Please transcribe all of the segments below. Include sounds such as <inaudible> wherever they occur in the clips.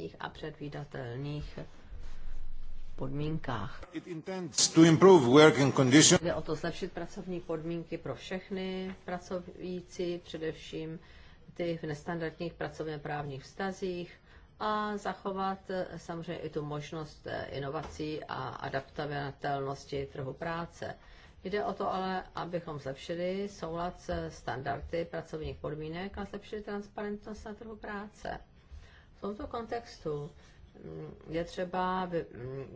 krátkých a předvídatelných podmínkách. Jde o to zlepšit pracovní podmínky pro všechny pracovníci, především ty v nestandardních pracovně právních vztazích a zachovat eh, samozřejmě i tu možnost eh, inovací a adaptabilnosti trhu práce. Jde o to ale, abychom zlepšili soulad standardy pracovních podmínek a zlepšili transparentnost na trhu práce. V tomto kontextu mm, je třeba mm,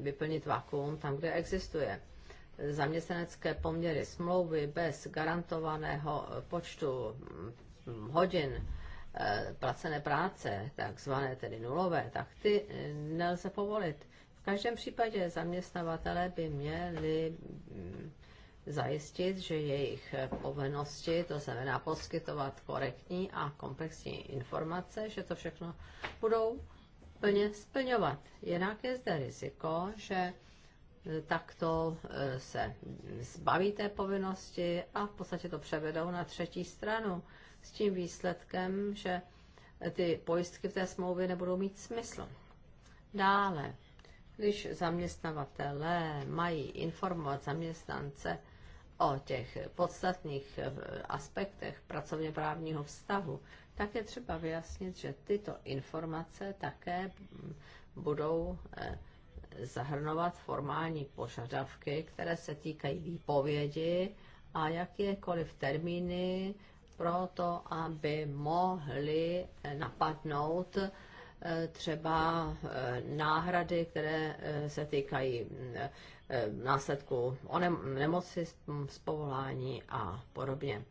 vyplnit vakuum tam, kde existuje. Zaměstnanecké poměry smlouvy bez garantovaného počtu mm, hodin eh, placené práce, takzvané tedy nulové, tak ty eh, nelze povolit. V každém případě zaměstnavatele by měli zajistit, že jejich povinnosti, to znamená poskytovat korektní a komplexní informace, že to všechno budou plně splňovat. Jinak je zde riziko, že eh, takto eh, se zbaví té povinnosti a v podstatě to převedou na třetí stranu s tím výsledkem, že eh, ty pojistky v té smlouvě nebudou mít smysl. Dále, když zaměstnavatelé mají informovat zaměstnance o těch podstatných eh, aspektech pracovně právního vztahu, tak je třeba vyjasnit, že tyto informace také mm, budou eh, zahrnovat formální požadavky, které se týkají výpovědi a jakékoliv termíny pro to, aby mohli eh, napadnout Eh, třeba eh, náhrady, které eh, se týkají následku onem, nemoci mm, z povolání a podobně.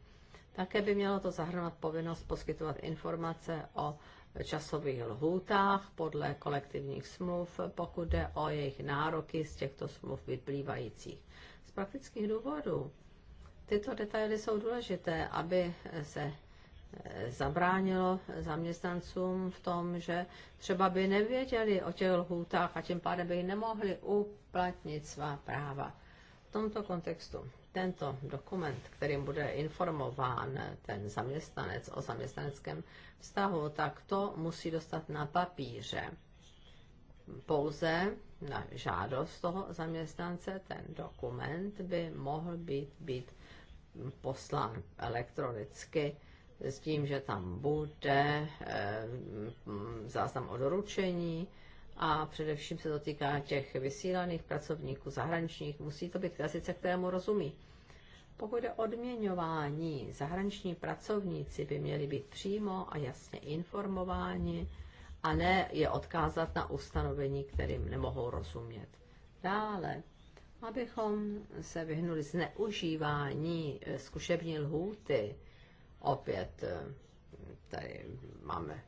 Také by mělo to zahrnovat povinnost poskytovat informace o časových lhůtách podle kolektivních smluv, pokud jde o jejich nároky z těchto smluv vyplývajících. Z praktických důvodů tyto detaily jsou důležité, aby se zabránilo zaměstnancům v tom, že třeba by nevěděli o těch lhůtách a tím pádem by nemohli uplatnit svá práva. V tomto kontextu tento dokument, kterým bude informován ten zaměstnanec o zaměstnaneckém vztahu, tak to musí dostat na papíře. Pouze na žádost toho zaměstnance ten dokument by mohl být, být poslán elektronicky s tím, že tam bude eh, záznam o doručení a především se to týká těch vysílaných pracovníků zahraničních. Musí to být jazyce, kterému rozumí. Pokud je odměňování, zahraniční pracovníci by měli být přímo a jasně informováni a ne je odkázat na ustanovení, kterým nemohou rozumět. Dále, abychom se vyhnuli zneužívání eh, zkušební lhůty, opět eh, tady máme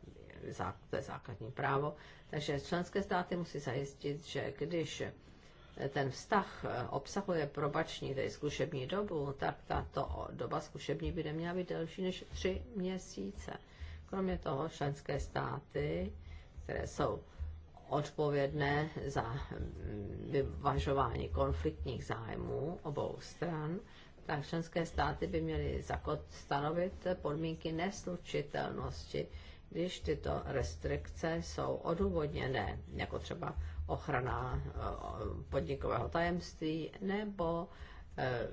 to je základní právo. Takže členské státy musí zajistit, že když eh, ten vztah eh, obsahuje probační, tedy zkušební dobu, tak tato doba zkušební by neměla být delší než tři měsíce. Kromě toho členské státy, které jsou odpovědné za mm, vyvažování konfliktních zájmů obou stran, tak členské státy by měly stanovit podmínky neslučitelnosti, když tyto restrikce jsou odůvodněné, jako třeba ochrana eh, podnikového tajemství nebo eh,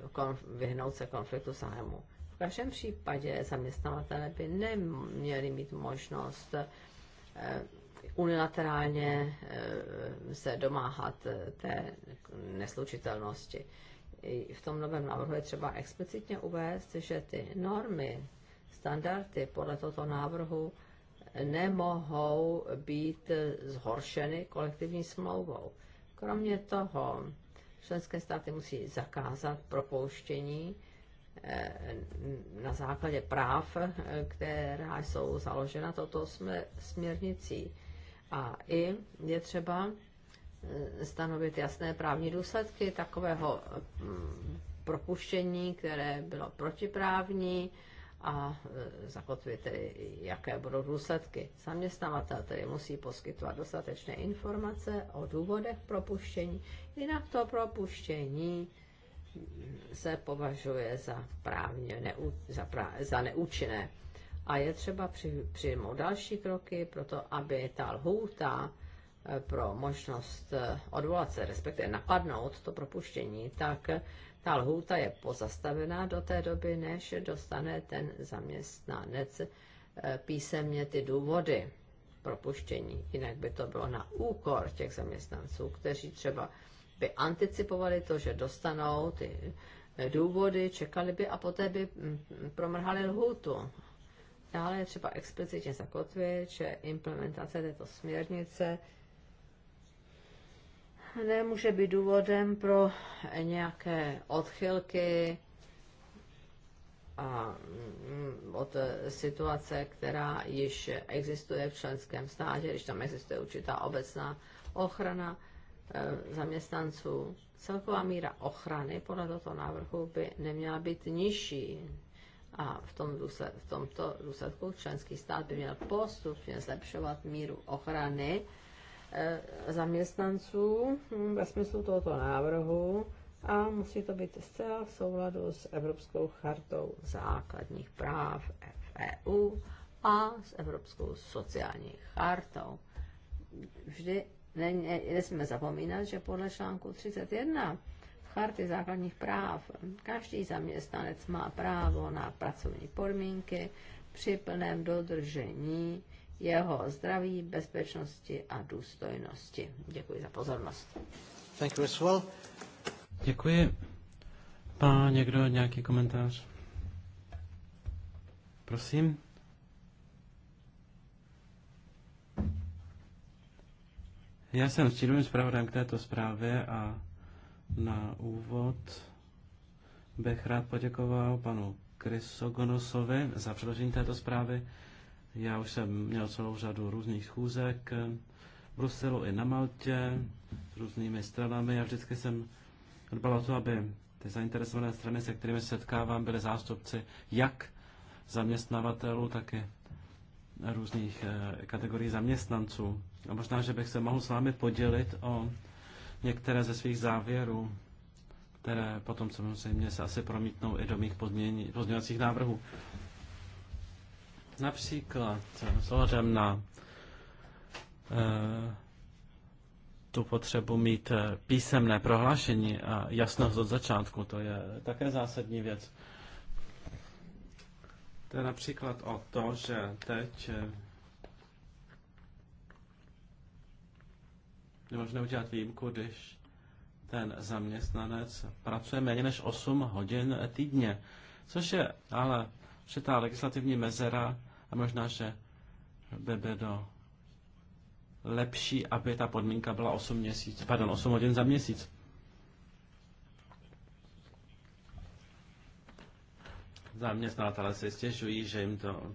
vyhnout se konfliktu zájmu. V každém případě zaměstnavatele by neměli mít možnost eh, unilaterálně se domáhat té neslučitelnosti v tom novém návrhu je třeba explicitně uvést, že ty normy, standardy podle tohoto návrhu nemohou být zhoršeny kolektivní smlouvou. Kromě toho, členské státy musí zakázat propouštění eh, na základě práv, eh, která jsou založena toto směrnicí. A i je třeba stanovit jasné právní důsledky takového mm, propuštění, které bylo protiprávní a e, zakotvit tedy, jaké budou důsledky. Zaměstnavatel tedy musí poskytovat dostatečné informace o důvodech propuštění, jinak to propuštění mm, se považuje za právně neú, za, prá, za neúčinné. A je třeba při, přijmout další kroky pro to, aby ta lhůta pro možnost eh, odvolat se, respektive napadnout to propuštění, tak ta lhůta je pozastavená do té doby, než dostane ten zaměstnanec eh, písemně ty důvody propuštění. Jinak by to bylo na úkor těch zaměstnanců, kteří třeba by anticipovali to, že dostanou ty eh, důvody, čekali by a poté by mm, mm, promrhali lhůtu. Dále je třeba explicitně zakotvit, že implementace této směrnice nemůže být důvodem pro nějaké odchylky a mm, od situace, která již existuje v členském státě, když tam existuje určitá obecná ochrana eh, zaměstnanců. Celková míra ochrany podle tohoto návrhu by neměla být nižší. A v, tom důsled, v tomto důsledku členský stát by měl postupně zlepšovat míru ochrany Eh, zaměstnanců hm, ve smyslu tohoto návrhu a musí to být zcela v souladu s Evropskou chartou základních práv EU a s Evropskou sociální chartou. Vždy ne, ne, nesmíme zapomínat, že podle článku 31 Charty základních práv každý zaměstnanec má právo na pracovní podmínky při plném dodržení jeho zdraví, bezpečnosti a důstojnosti. Děkuji za pozornost. Thank you as well. Děkuji. Má někdo nějaký komentář? Prosím. Já jsem stínovým zpravodajem k této zprávě a na úvod bych rád poděkoval panu Krysogonosovi za předložení této zprávy. Já už jsem měl celou řadu různých schůzek eh, v Bruselu i na Maltě s různými stranami a vždycky jsem dbal o to, aby ty zainteresované strany, se kterými setkávám, byly zástupci jak zaměstnavatelů, tak i různých eh, kategorií zaměstnanců. A možná, že bych se mohl s vámi podělit o některé ze svých závěrů, které potom samozřejmě se asi promítnou i do mých pozměňovacích návrhů. Například eh, s ohledem na e, tu potřebu mít eh, písemné prohlášení a jasnost od začátku, to je také zásadní věc. To je například o to, že teď je možné udělat výjimku, když ten zaměstnanec pracuje méně než 8 hodin týdně, což je ale ta legislativní mezera a možná, že by bylo lepší, aby ta podmínka byla 8, měsíc, pardon, 8 hodin za měsíc. Zaměstnatelé si stěžují, že jim to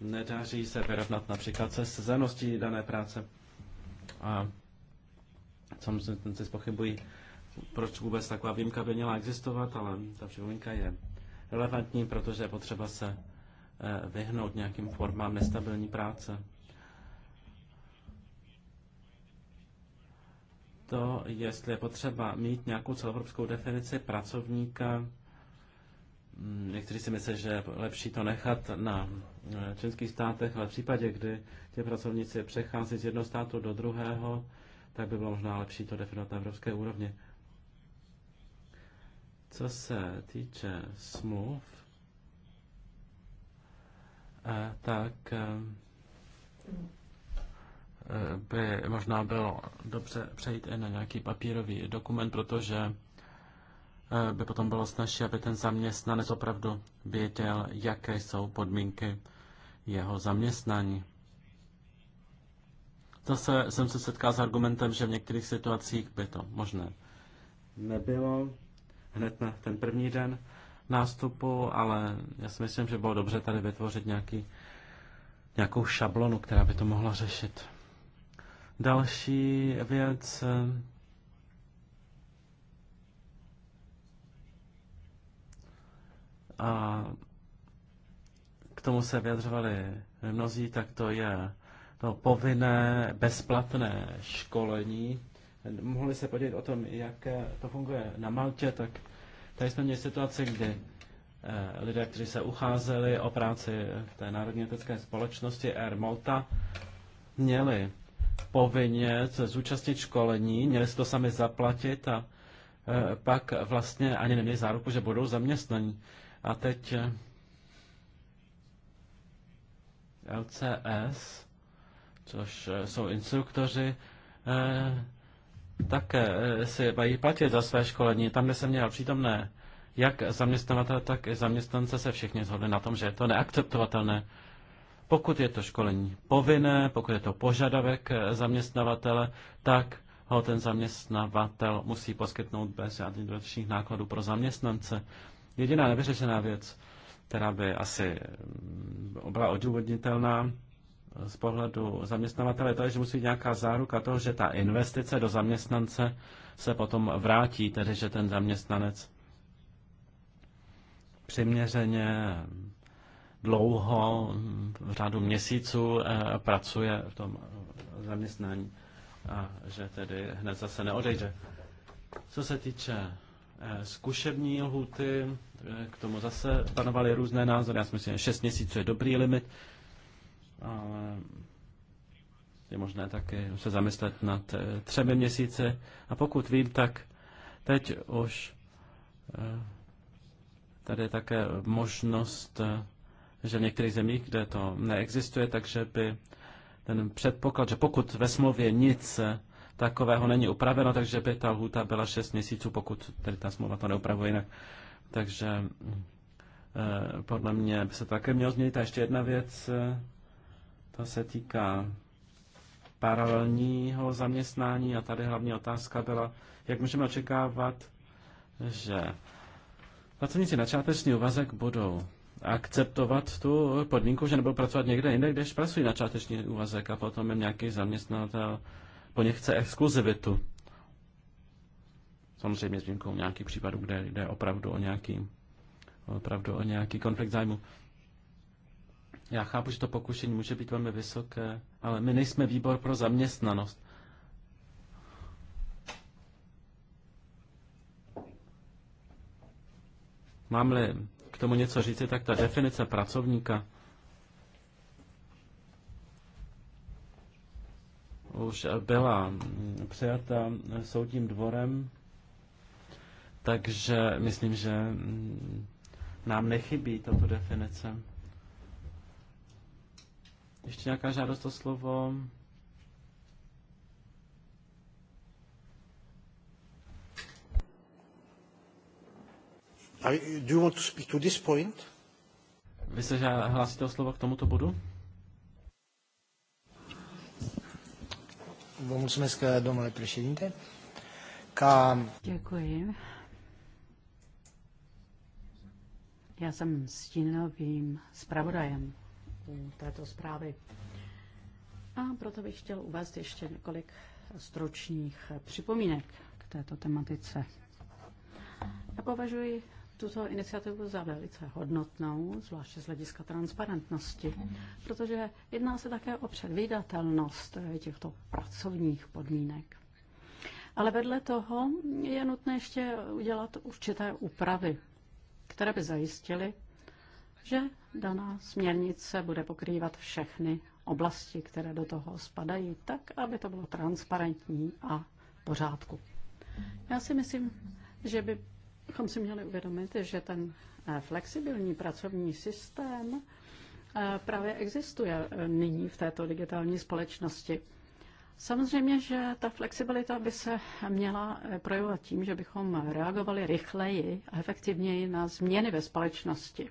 nedaří se vyrovnat například se sezeností dané práce. A samozřejmě si spochybují, proč vůbec taková výjimka by měla existovat, ale ta připomínka je relevantní, protože je potřeba se eh, vyhnout nějakým formám nestabilní práce. To, jestli je potřeba mít nějakou celoevropskou definici pracovníka, mm, Někteří si myslí, že je lepší to nechat na eh, členských státech, ale v případě, kdy ti pracovníci přechází z jednoho státu do druhého, tak by bylo možná lepší to definovat na evropské úrovni. Co se týče smluv, eh, tak eh, by možná bylo dobře přejít i na nějaký papírový dokument, protože eh, by potom bylo snažší, aby ten zaměstnanec opravdu věděl, jaké jsou podmínky jeho zaměstnání. Zase jsem se setkal s argumentem, že v některých situacích by to možné nebylo hned na ten první den nástupu, ale já si myslím, že bylo dobře tady vytvořit nějaký, nějakou šablonu, která by to mohla řešit. Další věc, a k tomu se vyjadřovali mnozí, tak to je to povinné bezplatné školení mohli se podívat o tom, jak eh, to funguje na Maltě, tak tady jsme měli situaci, kdy eh, lidé, kteří se ucházeli o práci v té národní letecké společnosti Air Malta, měli povinně se zúčastnit školení, měli si to sami zaplatit a eh, pak vlastně ani neměli záruku, že budou zaměstnaní. A teď LCS, což jsou instruktoři tak eh, si mají platit za své školení. Tam, kde jsem měl přítomné jak zaměstnavatele, tak i zaměstnance se všichni shodli na tom, že je to neakceptovatelné. Pokud je to školení povinné, pokud je to požadavek eh, zaměstnavatele, tak ho ten zaměstnavatel musí poskytnout bez žádných dodatečných nákladů pro zaměstnance. Jediná nevyřešená věc, která by asi mm, byla odůvodnitelná, z pohledu zaměstnavatele, to je, že musí být nějaká záruka toho, že ta investice do zaměstnance se potom vrátí, tedy že ten zaměstnanec přiměřeně dlouho, v řádu měsíců eh, pracuje v tom zaměstnání a že tedy hned zase neodejde. Co se týče eh, zkušební lhuty, eh, k tomu zase panovaly různé názory. Já si myslím, že 6 měsíců je dobrý limit ale je možné také se zamyslet nad eh, třemi měsíce A pokud vím, tak teď už eh, tady je také možnost, eh, že v některých zemích, kde to neexistuje, takže by ten předpoklad, že pokud ve smlouvě nic takového není upraveno, takže by ta lhůta byla 6 měsíců, pokud tedy ta smlouva to neupravuje jinak. Takže podle mě by se také mělo změnit. A ještě jedna věc, to se týká paralelního zaměstnání a tady hlavní otázka byla, jak můžeme očekávat, že pracovníci na čáteční úvazek budou akceptovat tu podmínku, že nebudou pracovat někde jinde, když pracují na čáteční úvazek a potom jim nějaký zaměstnatel po ně chce exkluzivitu. Samozřejmě s výjimkou nějakých případů, kde jde opravdu o nějaký, opravdu o nějaký konflikt zájmu. Já chápu, že to pokušení může být velmi vysoké, ale my nejsme výbor pro zaměstnanost. Mám-li k tomu něco říci, tak ta definice pracovníka už byla přijata soudním dvorem, takže myslím, že nám nechybí tato definice. Ještě nějaká žádost o slovo? I, Do you want to speak to this point? Vy se hlásíte o slovo k tomuto bodu? Vă mulțumesc, domnule președinte. Ca... Děkuji. Já jsem stínovým zpravodajem této zprávy. A proto bych chtěl uvést ještě několik stručných připomínek k této tematice. Já považuji tuto iniciativu za velice hodnotnou, zvláště z hlediska transparentnosti, protože jedná se také o předvídatelnost těchto pracovních podmínek. Ale vedle toho je nutné ještě udělat určité úpravy, které by zajistily, že daná směrnice bude pokrývat všechny oblasti, které do toho spadají, tak, aby to bylo transparentní a v pořádku. Já si myslím, že bychom si měli uvědomit, že ten eh, flexibilní pracovní systém eh, právě existuje eh, nyní v této digitální společnosti. Samozřejmě, že ta flexibilita by se měla projevovat tím, že bychom reagovali rychleji a efektivněji na změny ve společnosti.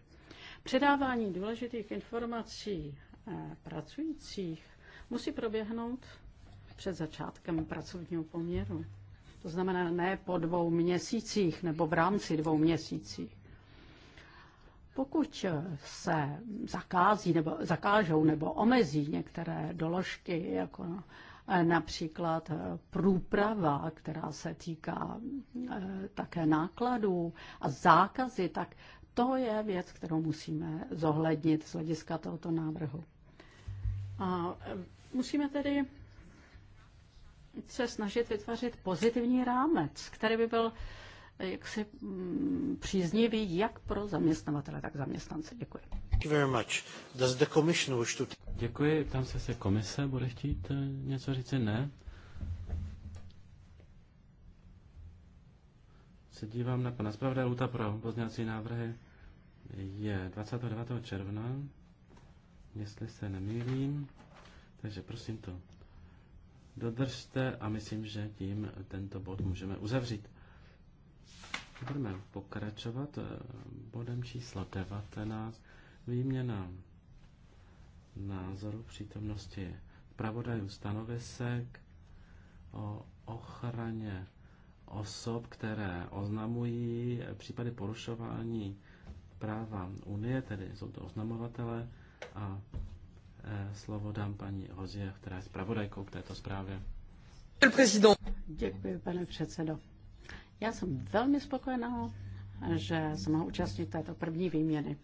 Předávání důležitých informací eh, pracujících musí proběhnout před začátkem pracovního poměru. To znamená ne po dvou měsících nebo v rámci dvou měsících. Pokud se zakází nebo zakážou nebo omezí některé doložky, jako eh, například eh, průprava, která se týká také nákladů a zákazy, tak to je věc, kterou musíme zohlednit z hlediska tohoto návrhu. A e, musíme tedy se snažit vytvořit pozitivní rámec, který by byl e, jaksi mm, příznivý jak pro zaměstnavatele, tak zaměstnance. Děkuji. Děkuji. Tam se se komise bude chtít e, něco říct? Ne. Se dívám na pana zpravodaje Luta pro pozněvací návrhy je 29. června, jestli se nemýlím. Takže prosím to dodržte a myslím, že tím tento bod můžeme uzavřít. Budeme pokračovat eh, bodem číslo 19. Výměna názoru přítomnosti pravodajů stanovisek o ochraně osob, které oznamují případy porušování práva Unie, tedy jsou to oznamovatele a e, slovo dám paní Hozie, která je zpravodajkou k této zprávě. Děkuji, pane předsedo. Já jsem velmi spokojená, že jsem mohla účastnit této první výměny.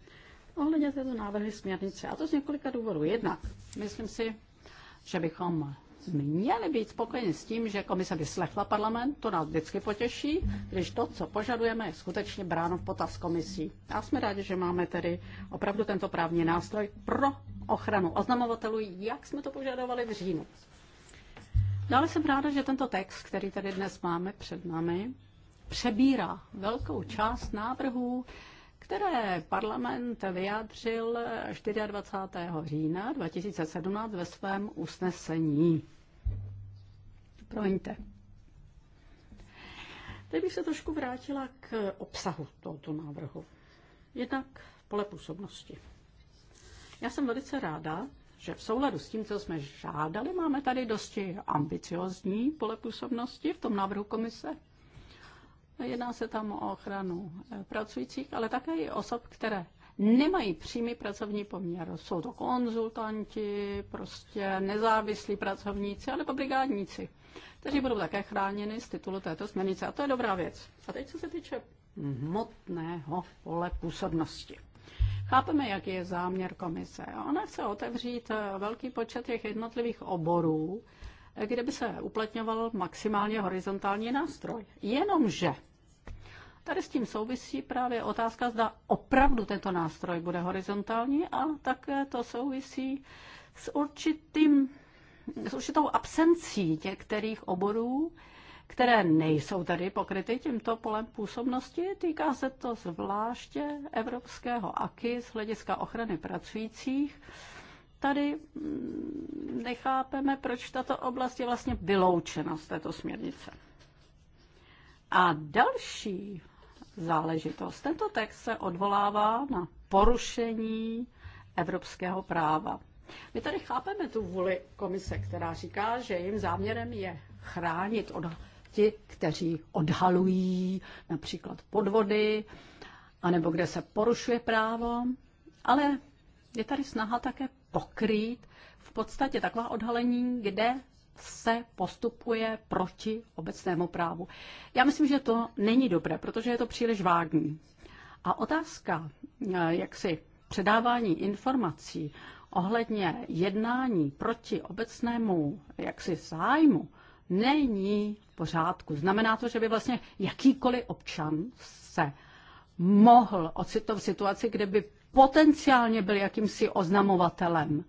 Ohledně této návrhy směrnice, a to z několika důvodů. Jednak, myslím si, že bychom měli být spokojeni s tím, že komise vyslechla parlament, to nás vždycky potěší, když to, co požadujeme, je skutečně bráno v potaz komisí. A jsme rádi, že máme tedy opravdu tento právní nástroj pro ochranu oznamovatelů, jak jsme to požadovali v říjnu. Dále jsem ráda, že tento text, který tady dnes máme před námi, přebírá velkou část návrhů, které parlament vyjádřil 24. října 2017 ve svém usnesení. Promiňte. Teď bych se trošku vrátila k obsahu tohoto návrhu. Jednak pole působnosti. Já jsem velice ráda, že v souladu s tím, co jsme žádali, máme tady dosti ambiciozní pole působnosti v tom návrhu komise. Jedná se tam o ochranu eh, pracujících, ale také i osob, které nemají přímý pracovní poměr. Jsou to konzultanti, prostě nezávislí pracovníci, ale brigádníci kteří budou také chráněni z titulu této směrnice. A to je dobrá věc. A teď, co se týče hmotného pole působnosti. Chápeme, jaký je záměr komise. Ona chce otevřít eh, velký počet těch jednotlivých oborů, eh, kde by se uplatňoval maximálně horizontální nástroj. Jenomže tady s tím souvisí právě otázka, zda opravdu tento nástroj bude horizontální a také to souvisí s určitým s určitou absencí některých oborů, které nejsou tady pokryty tímto polem působnosti. Týká se to zvláště evropského AKI z hlediska ochrany pracujících. Tady mm, nechápeme, proč tato oblast je vlastně vyloučena z této směrnice. A další záležitost. Tento text se odvolává na porušení evropského práva. My tady chápeme tu vůli komise, která říká, že jejím záměrem je chránit od ti, kteří odhalují například podvody, anebo kde se porušuje právo, ale je tady snaha také pokrýt v podstatě taková odhalení, kde se postupuje proti obecnému právu. Já myslím, že to není dobré, protože je to příliš vágní. A otázka, eh, jak si předávání informací ohledně jednání proti obecnému jaksi zájmu není v pořádku. Znamená to, že by vlastně jakýkoliv občan se mohl ocitnout v situaci, kde by potenciálně byl jakýmsi oznamovatelem.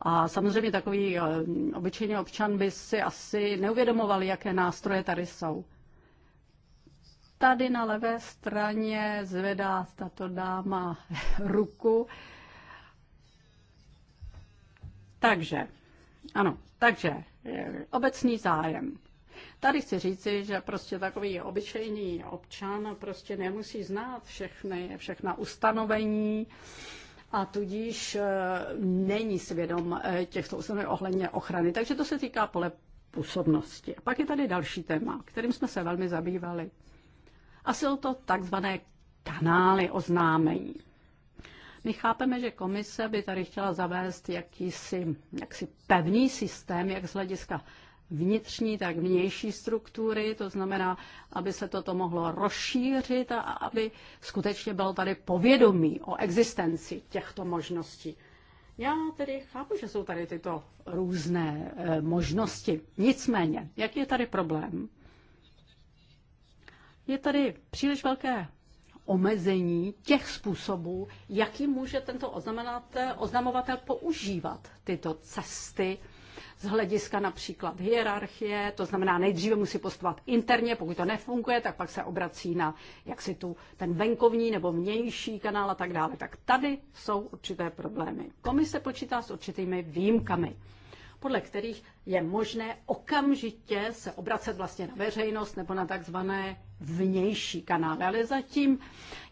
A samozřejmě takový eh, obyčejný občan by si asi neuvědomoval, jaké nástroje tady jsou. Tady na levé straně zvedá tato dáma <laughs> ruku. Takže, ano, takže eh, obecný zájem. Tady chci říci, že prostě takový obyčejný občan prostě nemusí znát všechny, všechna ustanovení a tudíž eh, není svědom eh, těchto ustanovení ohledně ochrany. Takže to se týká pole působnosti. A pak je tady další téma, kterým jsme se velmi zabývali. A jsou to takzvané kanály oznámení. My chápeme, že komise by tady chtěla zavést jakýsi, jaksi pevný systém, jak z hlediska vnitřní, tak vnější struktury, to znamená, aby se toto mohlo rozšířit a aby skutečně bylo tady povědomí o existenci těchto možností. Já tedy chápu, že jsou tady tyto různé e, možnosti. Nicméně, jak je tady problém? Je tady příliš velké omezení těch způsobů, jaký může tento oznamovatel používat tyto cesty z hlediska například hierarchie, to znamená nejdříve musí postovat interně, pokud to nefunguje, tak pak se obrací na jak si tu ten venkovní nebo vnější kanál a tak dále. Tak tady jsou určité problémy. Komise počítá s určitými výjimkami podle kterých je možné okamžitě se obracet vlastně na veřejnost nebo na takzvané vnější kanály. Ale zatím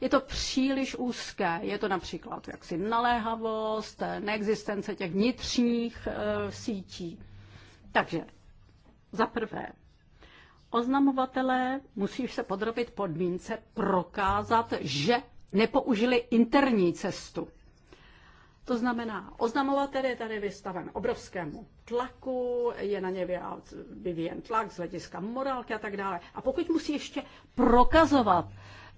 je to příliš úzké. Je to například jaksi naléhavost, neexistence těch vnitřních e, sítí. Takže za prvé, oznamovatelé musí se podrobit podmínce prokázat, že nepoužili interní cestu. To znamená, oznamovatel je tady vystaven obrovskému tlaku, je na ně vyvíjen tlak z hlediska morálky a tak dále. A pokud musí ještě prokazovat,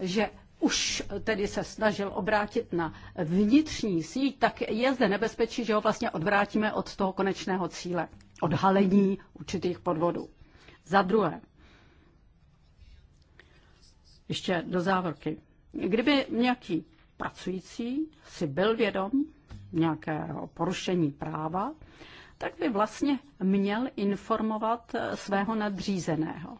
že už tedy se snažil obrátit na vnitřní síť, tak je zde nebezpečí, že ho vlastně odvrátíme od toho konečného cíle, odhalení určitých podvodů. Za druhé, ještě do závorky. Kdyby nějaký pracující si byl vědom nějakého porušení práva, tak by vlastně měl informovat eh, svého nadřízeného.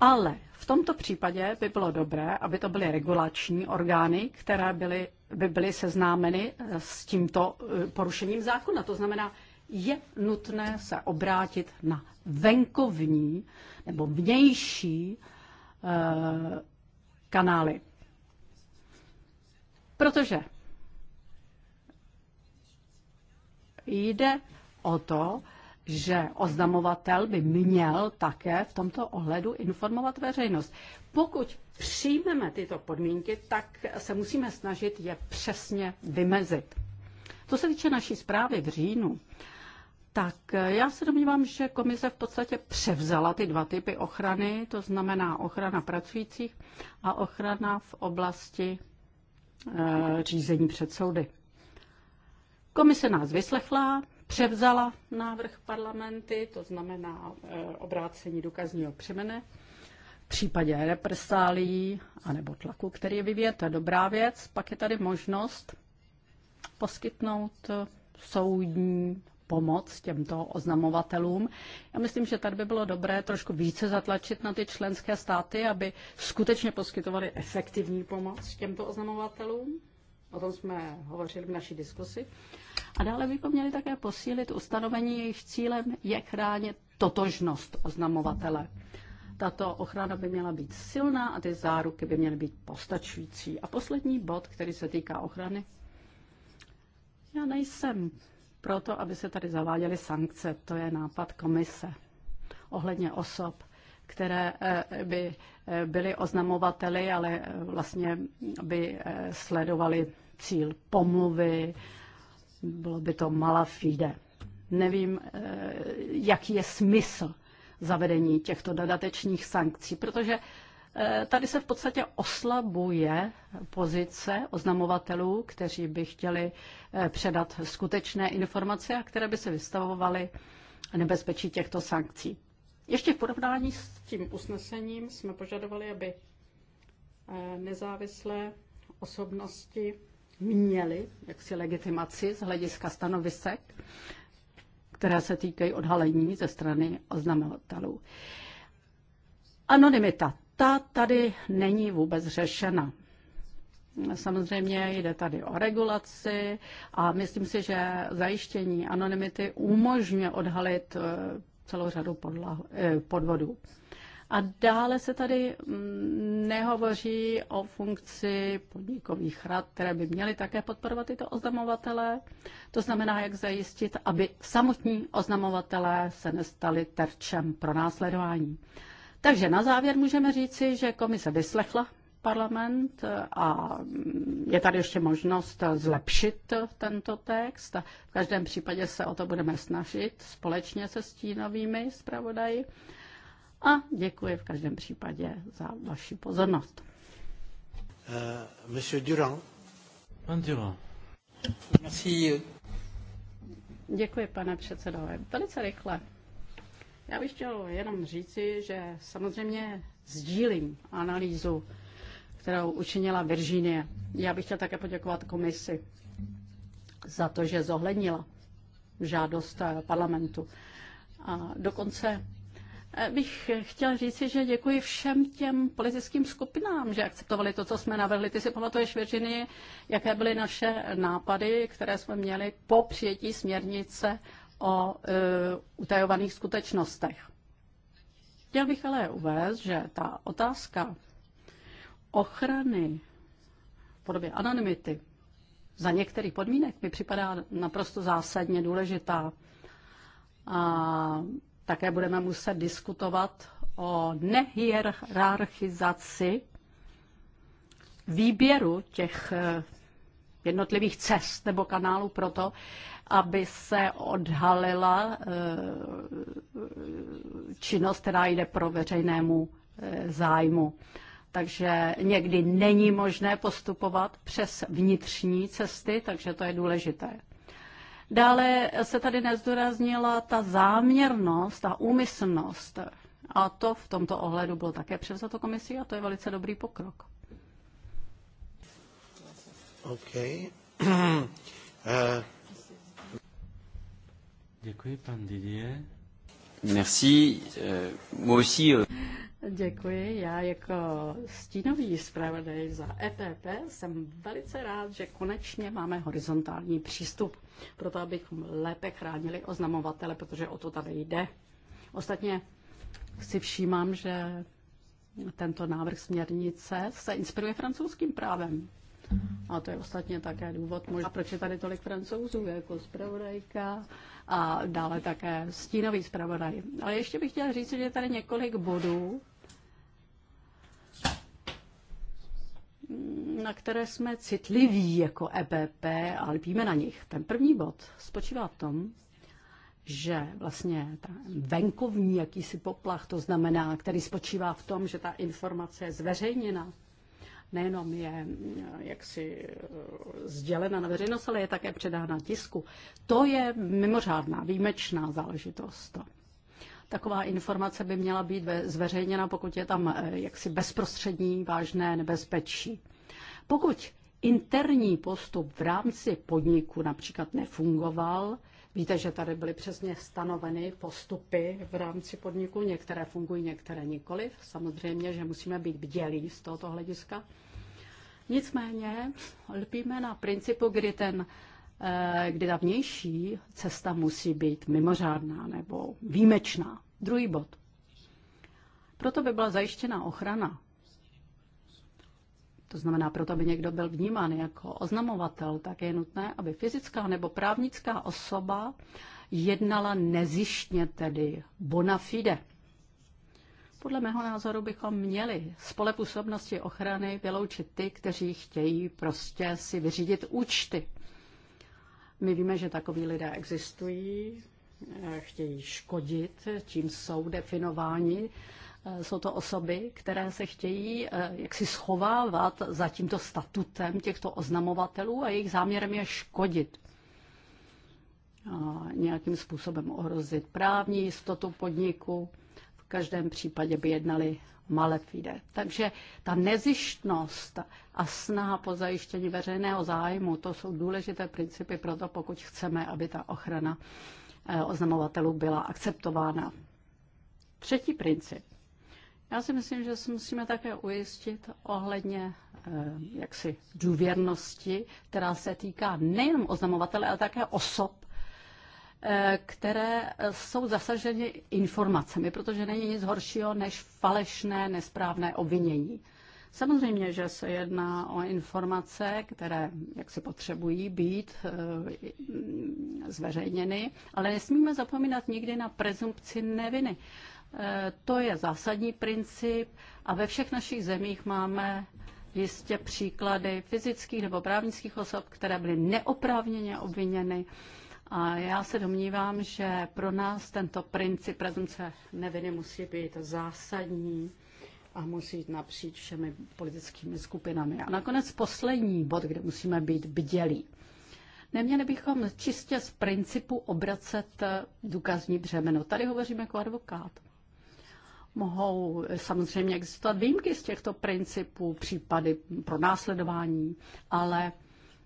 Ale v tomto případě by bylo dobré, aby to byly regulační orgány, které byly, by byly seznámeny eh, s tímto eh, porušením zákona. To znamená, je nutné se obrátit na venkovní nebo vnější e, kanály. Protože jde o to, že oznamovatel by měl také v tomto ohledu informovat veřejnost. Pokud přijmeme tyto podmínky, tak se musíme snažit je přesně vymezit. Co se týče naší zprávy v říjnu, tak já se domnívám, že komise v podstatě převzala ty dva typy ochrany, to znamená ochrana pracujících a ochrana v oblasti e, řízení před soudy. Komise nás vyslechla, převzala návrh parlamenty, to znamená eh, obrácení důkazního přemene v případě represálí anebo tlaku, který je vyvíjet, to je dobrá věc. Pak je tady možnost poskytnout eh, soudní pomoc těmto oznamovatelům. Já myslím, že tady by bylo dobré trošku více zatlačit na ty členské státy, aby skutečně poskytovali efektivní pomoc těmto oznamovatelům. O tom jsme hovořili v naší diskusi. A dále bychom měli také posílit ustanovení, jejich cílem je chránit totožnost oznamovatele. Tato ochrana by měla být silná a ty záruky by měly být postačující. A poslední bod, který se týká ochrany. Já nejsem proto, aby se tady zaváděly sankce. To je nápad komise ohledně osob, které eh, by eh, byly oznamovateli, ale eh, vlastně by sledovali cíl pomluvy, bylo by to mala fide. Nevím, eh, jaký je smysl zavedení těchto dodatečných sankcí, protože eh, tady se v podstatě oslabuje pozice oznamovatelů, kteří by chtěli eh, předat skutečné informace a které by se vystavovaly nebezpečí těchto sankcí. Ještě v porovnání s tím usnesením jsme požadovali, aby nezávislé osobnosti měli jaksi legitimaci z hlediska stanovisek, které se týkají odhalení ze strany oznamovatelů. Anonymita. Ta tady není vůbec řešena. Samozřejmě jde tady o regulaci a myslím si, že zajištění anonymity umožňuje odhalit eh, celou řadu eh, podvodů. A dále se tady mm, nehovoří o funkci podnikových rad, které by měly také podporovat tyto oznamovatele. To znamená, jak zajistit, aby samotní oznamovatelé se nestali terčem pro následování. Takže na závěr můžeme říci, že komise vyslechla parlament a je tady ještě možnost zlepšit tento text. V každém případě se o to budeme snažit společně se stínovými zpravodaji a děkuji v každém případě za vaši pozornost. Uh, Monsieur Durand. Pan Durand. Merci. Děkuji, pane předsedo. Velice rychle. Já bych chtěl jenom říci, že samozřejmě sdílím analýzu, kterou učinila Virginie. Já bych chtěl také poděkovat komisi za to, že zohlednila žádost eh, parlamentu. A dokonce Eh, bych chtěl říci, že děkuji všem těm politickým skupinám, že akceptovali to, co jsme navrhli. Ty si pamatuješ, Virginie, jaké byly naše nápady, které jsme měli po přijetí směrnice o e, utajovaných skutečnostech. Chtěl bych ale uvést, že ta otázka ochrany v podobě anonymity za některých podmínek mi připadá naprosto zásadně důležitá. A také budeme muset diskutovat o nehierarchizaci výběru těch eh, jednotlivých cest nebo kanálů pro to, aby se odhalila eh, činnost, která jde pro veřejnému eh, zájmu. Takže někdy není možné postupovat přes vnitřní cesty, takže to je důležité. Dále se tady nezdůraznila ta záměrnost, ta úmyslnost. A to v tomto ohledu bylo také převzato komisí a to je velice dobrý pokrok. Okay. uh... <clears throat> Děkuji, pan Didier. Merci. Uh, moi aussi, uh... Děkuji. Já jako stínový zpravodaj za EPP jsem velice rád, že konečně máme horizontální přístup, proto abychom lépe chránili oznamovatele, protože o to tady jde. Ostatně si všímám, že tento návrh směrnice se inspiruje francouzským právem. A to je ostatně také důvod, možná proč je tady tolik francouzů jako zpravodajka a dále také stínový zpravodaj. Ale ještě bych chtěla říct, že je tady několik bodů, na které jsme citliví jako EPP a lpíme na nich. Ten první bod spočívá v tom, že vlastně ten venkovní jakýsi poplach, to znamená, který spočívá v tom, že ta informace je zveřejněna, nejenom je eh, jaksi eh, sdělena na veřejnost, ale je také předána tisku. To je mimořádná, výjimečná záležitost. Taková informace by měla být zveřejněna, pokud je tam eh, jaksi bezprostřední vážné nebezpečí. Pokud interní postup v rámci podniku například nefungoval, Víte, že tady byly přesně stanoveny postupy v rámci podniku, některé fungují, některé nikoliv. Samozřejmě, že musíme být bdělí z tohoto hlediska. Nicméně lpíme na principu, kdy ten Eh, kdy ta vnější cesta musí být mimořádná nebo výjimečná. Druhý bod. Proto by byla zajištěna ochrana. To znamená, proto by někdo byl vnímán jako oznamovatel, tak je nutné, aby fyzická nebo právnická osoba jednala nezištně, tedy bona fide. Podle mého názoru bychom měli z působnosti ochrany vyloučit ty, kteří chtějí prostě si vyřídit účty. My víme, že takoví lidé existují, eh, chtějí škodit, tím jsou definováni. Eh, jsou to osoby, které se chtějí eh, jaksi schovávat za tímto statutem těchto oznamovatelů a jejich záměrem je škodit. A nějakým způsobem ohrozit právní jistotu podniku. V každém případě by jednali malefide. Takže ta nezištnost a snaha po zajištění veřejného zájmu, to jsou důležité principy pro to, pokud chceme, aby ta ochrana eh, oznamovatelů byla akceptována. Třetí princip. Já si myslím, že se musíme také ujistit ohledně eh, jaksi důvěrnosti, která se týká nejen oznamovatele, ale také osob, Eh, které jsou zasaženy informacemi, protože není nic horšího než falešné, nesprávné obvinění. Samozřejmě, že se jedná o informace, které jak si potřebují být eh, zveřejněny, ale nesmíme zapomínat nikdy na prezumpci neviny. Eh, to je zásadní princip a ve všech našich zemích máme jistě příklady fyzických nebo právnických osob, které byly neoprávněně obviněny a já se domnívám, že pro nás tento princip prezumce neviny musí být zásadní a musí jít napříč všemi politickými skupinami. A nakonec poslední bod, kde musíme být bdělí. Neměli bychom čistě z principu obracet důkazní břemeno. Tady hovoříme jako advokát. Mohou samozřejmě existovat výjimky z těchto principů, případy pro následování, ale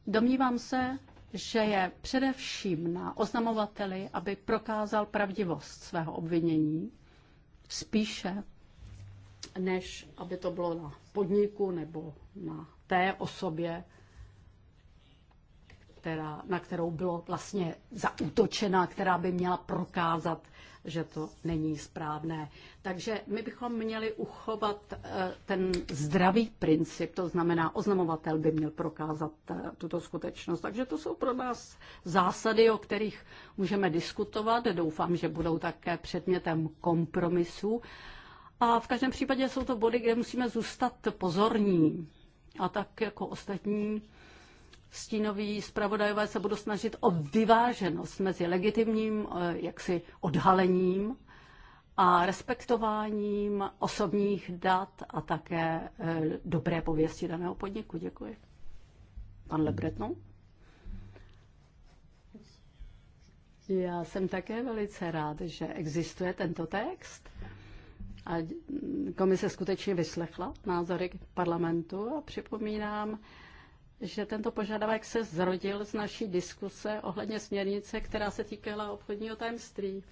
domnívám se, že je především na oznamovateli, aby prokázal pravdivost svého obvinění, spíše než aby to bylo na podniku nebo na té osobě, která, na kterou bylo vlastně zaútočena, která by měla prokázat, že to není správné. Takže my bychom měli uchovat eh, ten zdravý princip, to znamená, oznamovatel by měl prokázat eh, tuto skutečnost. Takže to jsou pro nás zásady, o kterých můžeme diskutovat. Doufám, že budou také předmětem kompromisu. A v každém případě jsou to body, kde musíme zůstat pozorní. A tak jako ostatní stínoví zpravodajové se budou snažit o vyváženost mezi legitimním eh, jaksi odhalením a respektováním osobních dat a také eh, dobré pověsti daného podniku. Děkuji. Pan Lebretno? Já jsem také velice rád, že existuje tento text. A komise skutečně vyslechla názory parlamentu a připomínám, že tento požadavek se zrodil z naší diskuse ohledně směrnice, která se týkala obchodního tajemství.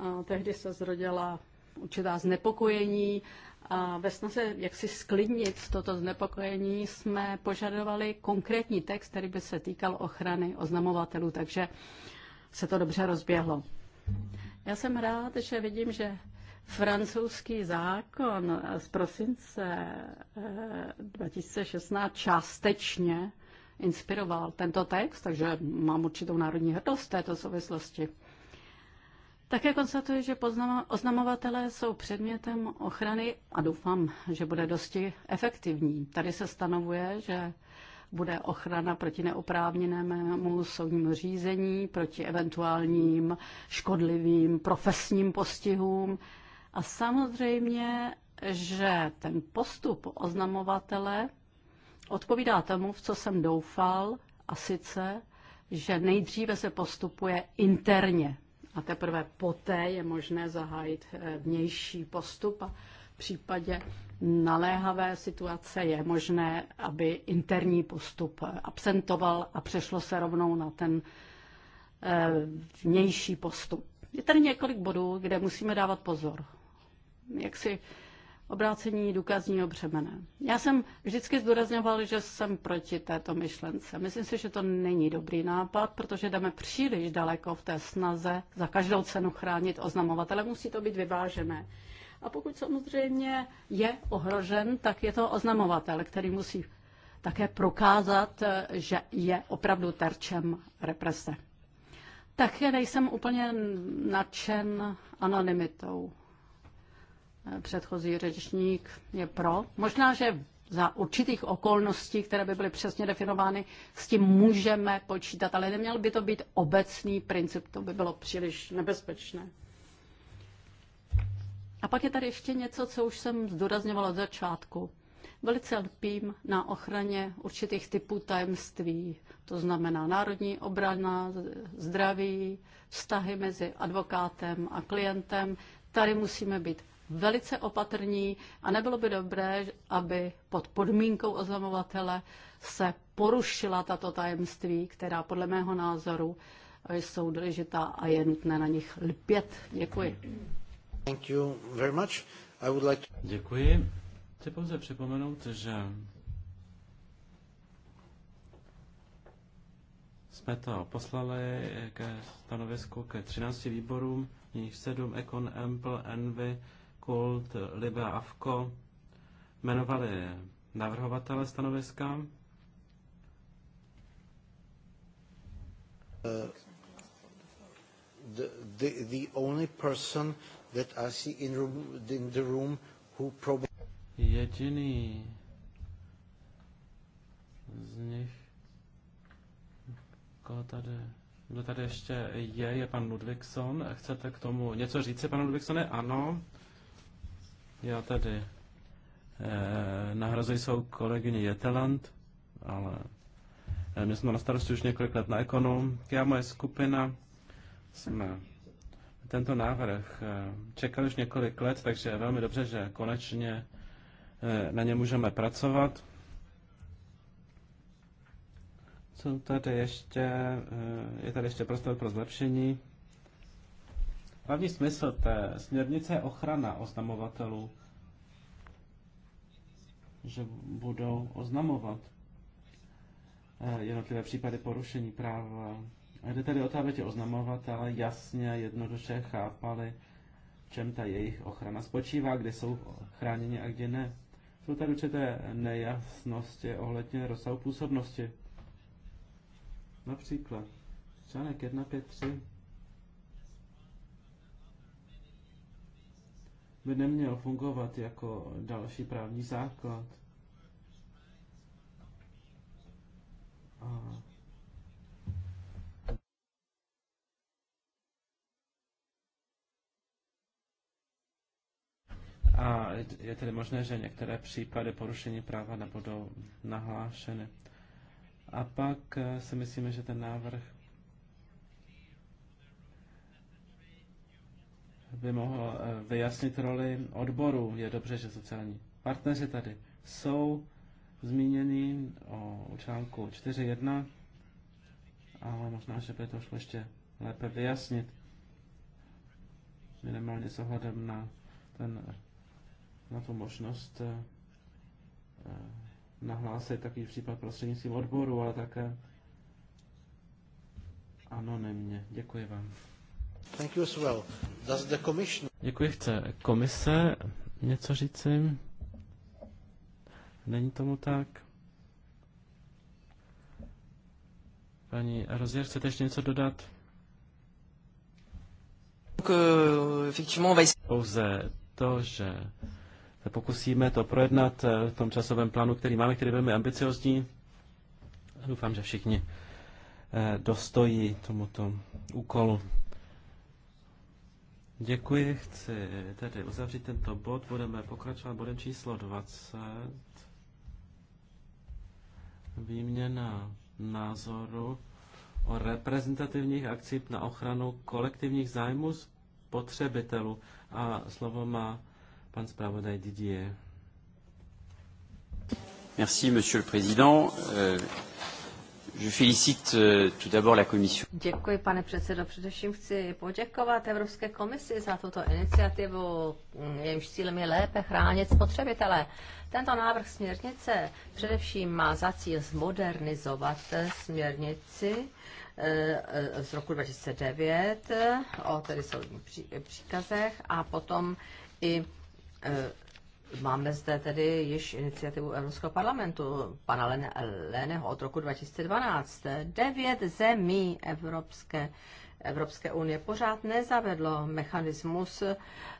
A tehdy se zrodila určitá znepokojení a ve snaze, jak si sklidnit toto znepokojení, jsme požadovali konkrétní text, který by se týkal ochrany oznamovatelů, takže se to dobře rozběhlo. Já jsem rád, že vidím, že Francouzský zákon z prosince 2016 eh, částečně inspiroval tento text, takže mám určitou národní hrdost v této souvislosti. Také konstatuji, že oznamovatelé jsou předmětem ochrany a doufám, že bude dosti efektivní. Tady se stanovuje, že bude ochrana proti neoprávněnému soudnímu řízení, proti eventuálním škodlivým profesním postihům a samozřejmě, že ten postup oznamovatele odpovídá tomu, v co jsem doufal, a sice, že nejdříve se postupuje interně a teprve poté je možné zahájit eh, vnější postup a v případě naléhavé situace je možné, aby interní postup eh, absentoval a přešlo se rovnou na ten eh, vnější postup. Je tady několik bodů, kde musíme dávat pozor jaksi obrácení důkazního břemene. Já jsem vždycky zdůrazňoval, že jsem proti této myšlence. Myslím si, že to není dobrý nápad, protože jdeme příliš daleko v té snaze za každou cenu chránit oznamovatele. Musí to být vyvážené. A pokud samozřejmě je ohrožen, tak je to oznamovatel, který musí také prokázat, že je opravdu terčem represe. Také nejsem úplně nadšen anonymitou předchozí řečník je pro. Možná, že za určitých okolností, které by byly přesně definovány, s tím můžeme počítat, ale neměl by to být obecný princip, to by bylo příliš nebezpečné. A pak je tady ještě něco, co už jsem zdůrazňovala od začátku. Velice lpím na ochraně určitých typů tajemství, to znamená národní obrana, zdraví, vztahy mezi advokátem a klientem. Tady musíme být velice opatrní a nebylo by dobré, aby pod podmínkou oznamovatele se porušila tato tajemství, která podle mého názoru jsou důležitá a je nutné na nich lpět. Děkuji. Thank you very much. I would like to... Děkuji. Chci pouze připomenout, že jsme to poslali ke stanovisku ke 13 výborům, jejich 7 Econ, Ample, Envy, Kult, Libe a Avko jmenovali navrhovatele stanoviska. Uh, the, the, the only person that I see in, room, in the room who probably... Jediný z nich, koho tady, kdo tady ještě je, je pan Ludvigson. Chcete k tomu něco říct, pane Ludvigsone? Ano. Já tady eh, nahrazuji svou kolegyni Jeteland, ale eh, my jsme na starosti už několik let na ekonom. Já moje skupina jsme tento návrh eh, čekali už několik let, takže je velmi dobře, že konečně eh, na ně můžeme pracovat. Jsou tady ještě, eh, je tady ještě prostor pro zlepšení. Hlavní smysl té směrnice je ochrana oznamovatelů, že budou oznamovat eh, jednotlivé případy porušení práva. A jde tedy o to, aby ti oznamovatelé jasně, jednoduše chápali, v čem ta jejich ochrana spočívá, kde jsou chráněni a kde ne. Jsou tady určité nejasnosti ohledně rozsahu působnosti. Například článek 153 by neměl fungovat jako další právní základ. A A je tedy možné, že některé případy porušení práva nebudou nahlášeny. A pak eh, si myslíme, že ten návrh by mohl eh, vyjasnit roli odboru. Je dobře, že sociální partneři tady jsou zmíněni o článku 4.1, ale možná, že by to šlo ještě lépe vyjasnit. Minimálně s ohledem na, ten, na tu možnost eh, eh, nahlásit takový případ prostřednictvím odboru, ale také anonymně. Děkuji vám. Děkuji. Chce komise něco říci? Není tomu tak. Paní Rozier, chcete ještě něco dodat? Pouze to, že se pokusíme to projednat eh, v tom časovém plánu, který máme, který je velmi ambiciozní. Doufám, že všichni eh, dostojí tomuto úkolu. Děkuji, chci tedy uzavřít tento bod. Budeme pokračovat bodem číslo 20. Výměna názoru o reprezentativních akcích na ochranu kolektivních zájmů spotřebitelů. A slovo má pan zpravodaj Didier. Merci, monsieur le président. Euh... Je félicite euh, tout d'abord la commission. Děkuji, pane předsedo. Především chci poděkovat Evropské komisi za tuto iniciativu. Jejímž cílem je lépe chránit spotřebitele. Tento návrh směrnice především má za cíl zmodernizovat směrnici eh, eh, z roku 2009 eh, o tedy soudních příkazech a potom i Máme zde tedy již iniciativu Evropského parlamentu, pana Léneho od roku 2012. Devět zemí Evropské, Evropské unie pořád nezavedlo mechanismus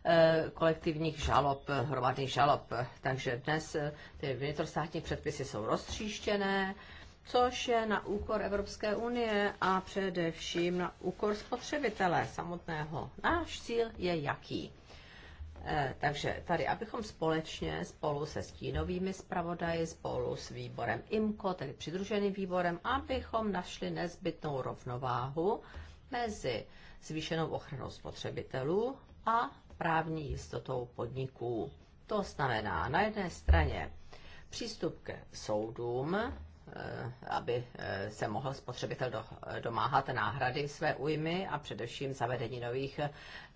eh, kolektivních žalob, hromadných žalob. Takže dnes eh, ty vnitrostátní předpisy jsou roztříštěné, což je na úkor Evropské unie a především na úkor spotřebitele samotného. Náš cíl je jaký? Eh, takže tady, abychom společně, spolu se stínovými zpravodaji, spolu s výborem IMCO, tedy přidruženým výborem, abychom našli nezbytnou rovnováhu mezi zvýšenou ochranou spotřebitelů a právní jistotou podniků. To znamená na jedné straně přístup ke soudům Eh, aby eh, se mohl spotřebitel domáhat náhrady své újmy a především zavedení nových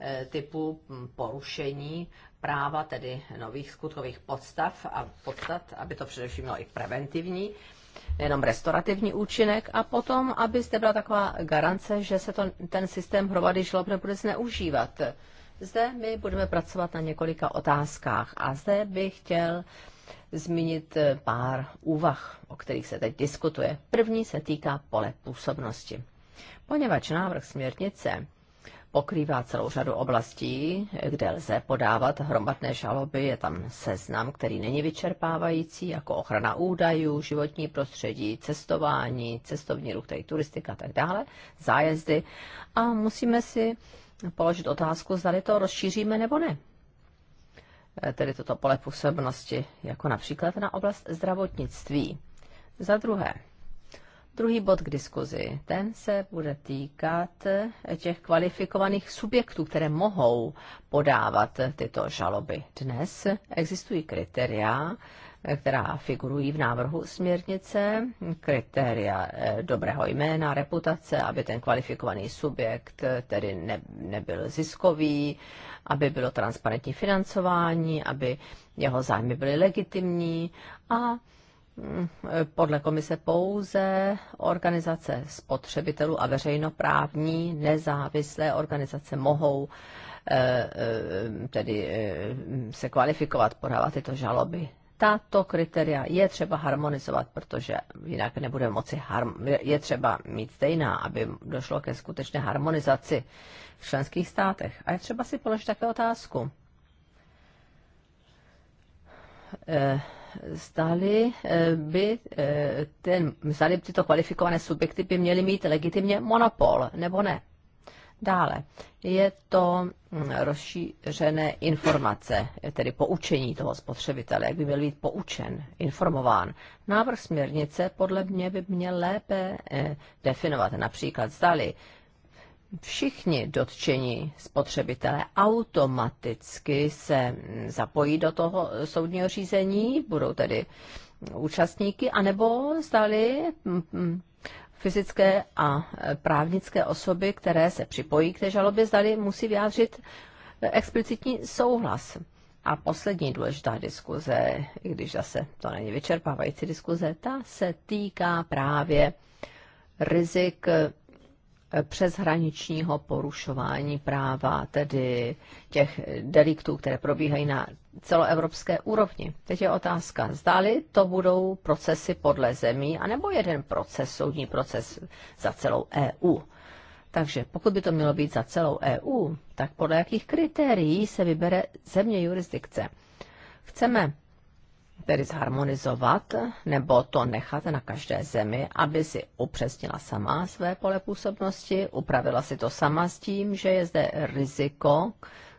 eh, typů hm, porušení práva, tedy nových skutkových podstav a podstat, aby to především mělo i preventivní, jenom restaurativní účinek a potom, aby zde byla taková garance, že se to, ten systém hromady žlob nebude zneužívat. Zde my budeme pracovat na několika otázkách a zde bych chtěl zmínit eh, pár úvah, o kterých se teď diskutuje. První se týká pole působnosti. Poněvadž návrh směrnice pokrývá celou řadu oblastí, kde lze podávat hromadné žaloby. Je tam seznam, který není vyčerpávající, jako ochrana údajů, životní prostředí, cestování, cestovní ruch, tedy turistika a tak dále, zájezdy. A musíme si položit otázku, zda to rozšíříme nebo ne tedy toto pole působnosti, jako například na oblast zdravotnictví. Za druhé, druhý bod k diskuzi, ten se bude týkat těch kvalifikovaných subjektů, které mohou podávat tyto žaloby. Dnes existují kritéria, která figurují v návrhu směrnice, kritéria eh, dobrého jména, reputace, aby ten kvalifikovaný subjekt eh, tedy ne, nebyl ziskový, aby bylo transparentní financování, aby jeho zájmy byly legitimní a mm, podle komise pouze organizace spotřebitelů a veřejnoprávní nezávislé organizace mohou eh, tedy se kvalifikovat, podávat tyto žaloby tato kritéria je třeba harmonizovat, protože jinak nebudeme moci, je třeba mít stejná, aby došlo ke skutečné harmonizaci v členských státech. A je třeba si položit také otázku. Eh, zdali eh, by, eh, ten, zdali by tyto kvalifikované subjekty by měly mít legitimně monopol, nebo ne? Dále je to mm, rozšířené informace, tedy poučení toho spotřebitele, jak by měl být poučen, informován. Návrh směrnice podle mě by měl lépe eh, definovat například zdali všichni dotčení spotřebitelé automaticky se mm, zapojí do toho soudního řízení, budou tedy účastníky, anebo zdali mm, fyzické a e, právnické osoby, které se připojí k té žalobě, zdali musí vyjádřit e, explicitní souhlas. A poslední důležitá diskuze, i když zase to není vyčerpávající diskuze, ta se týká právě rizik e, přeshraničního porušování práva, tedy těch deliktů, které probíhají na celoevropské úrovni. Teď je otázka, zdali to budou procesy podle zemí, anebo jeden proces, soudní proces za celou EU. Takže pokud by to mělo být za celou EU, tak podle jakých kritérií se vybere země jurisdikce? Chceme tedy zharmonizovat, nebo to nechat na každé zemi, aby si upřesnila sama své pole působnosti, upravila si to sama s tím, že je zde riziko,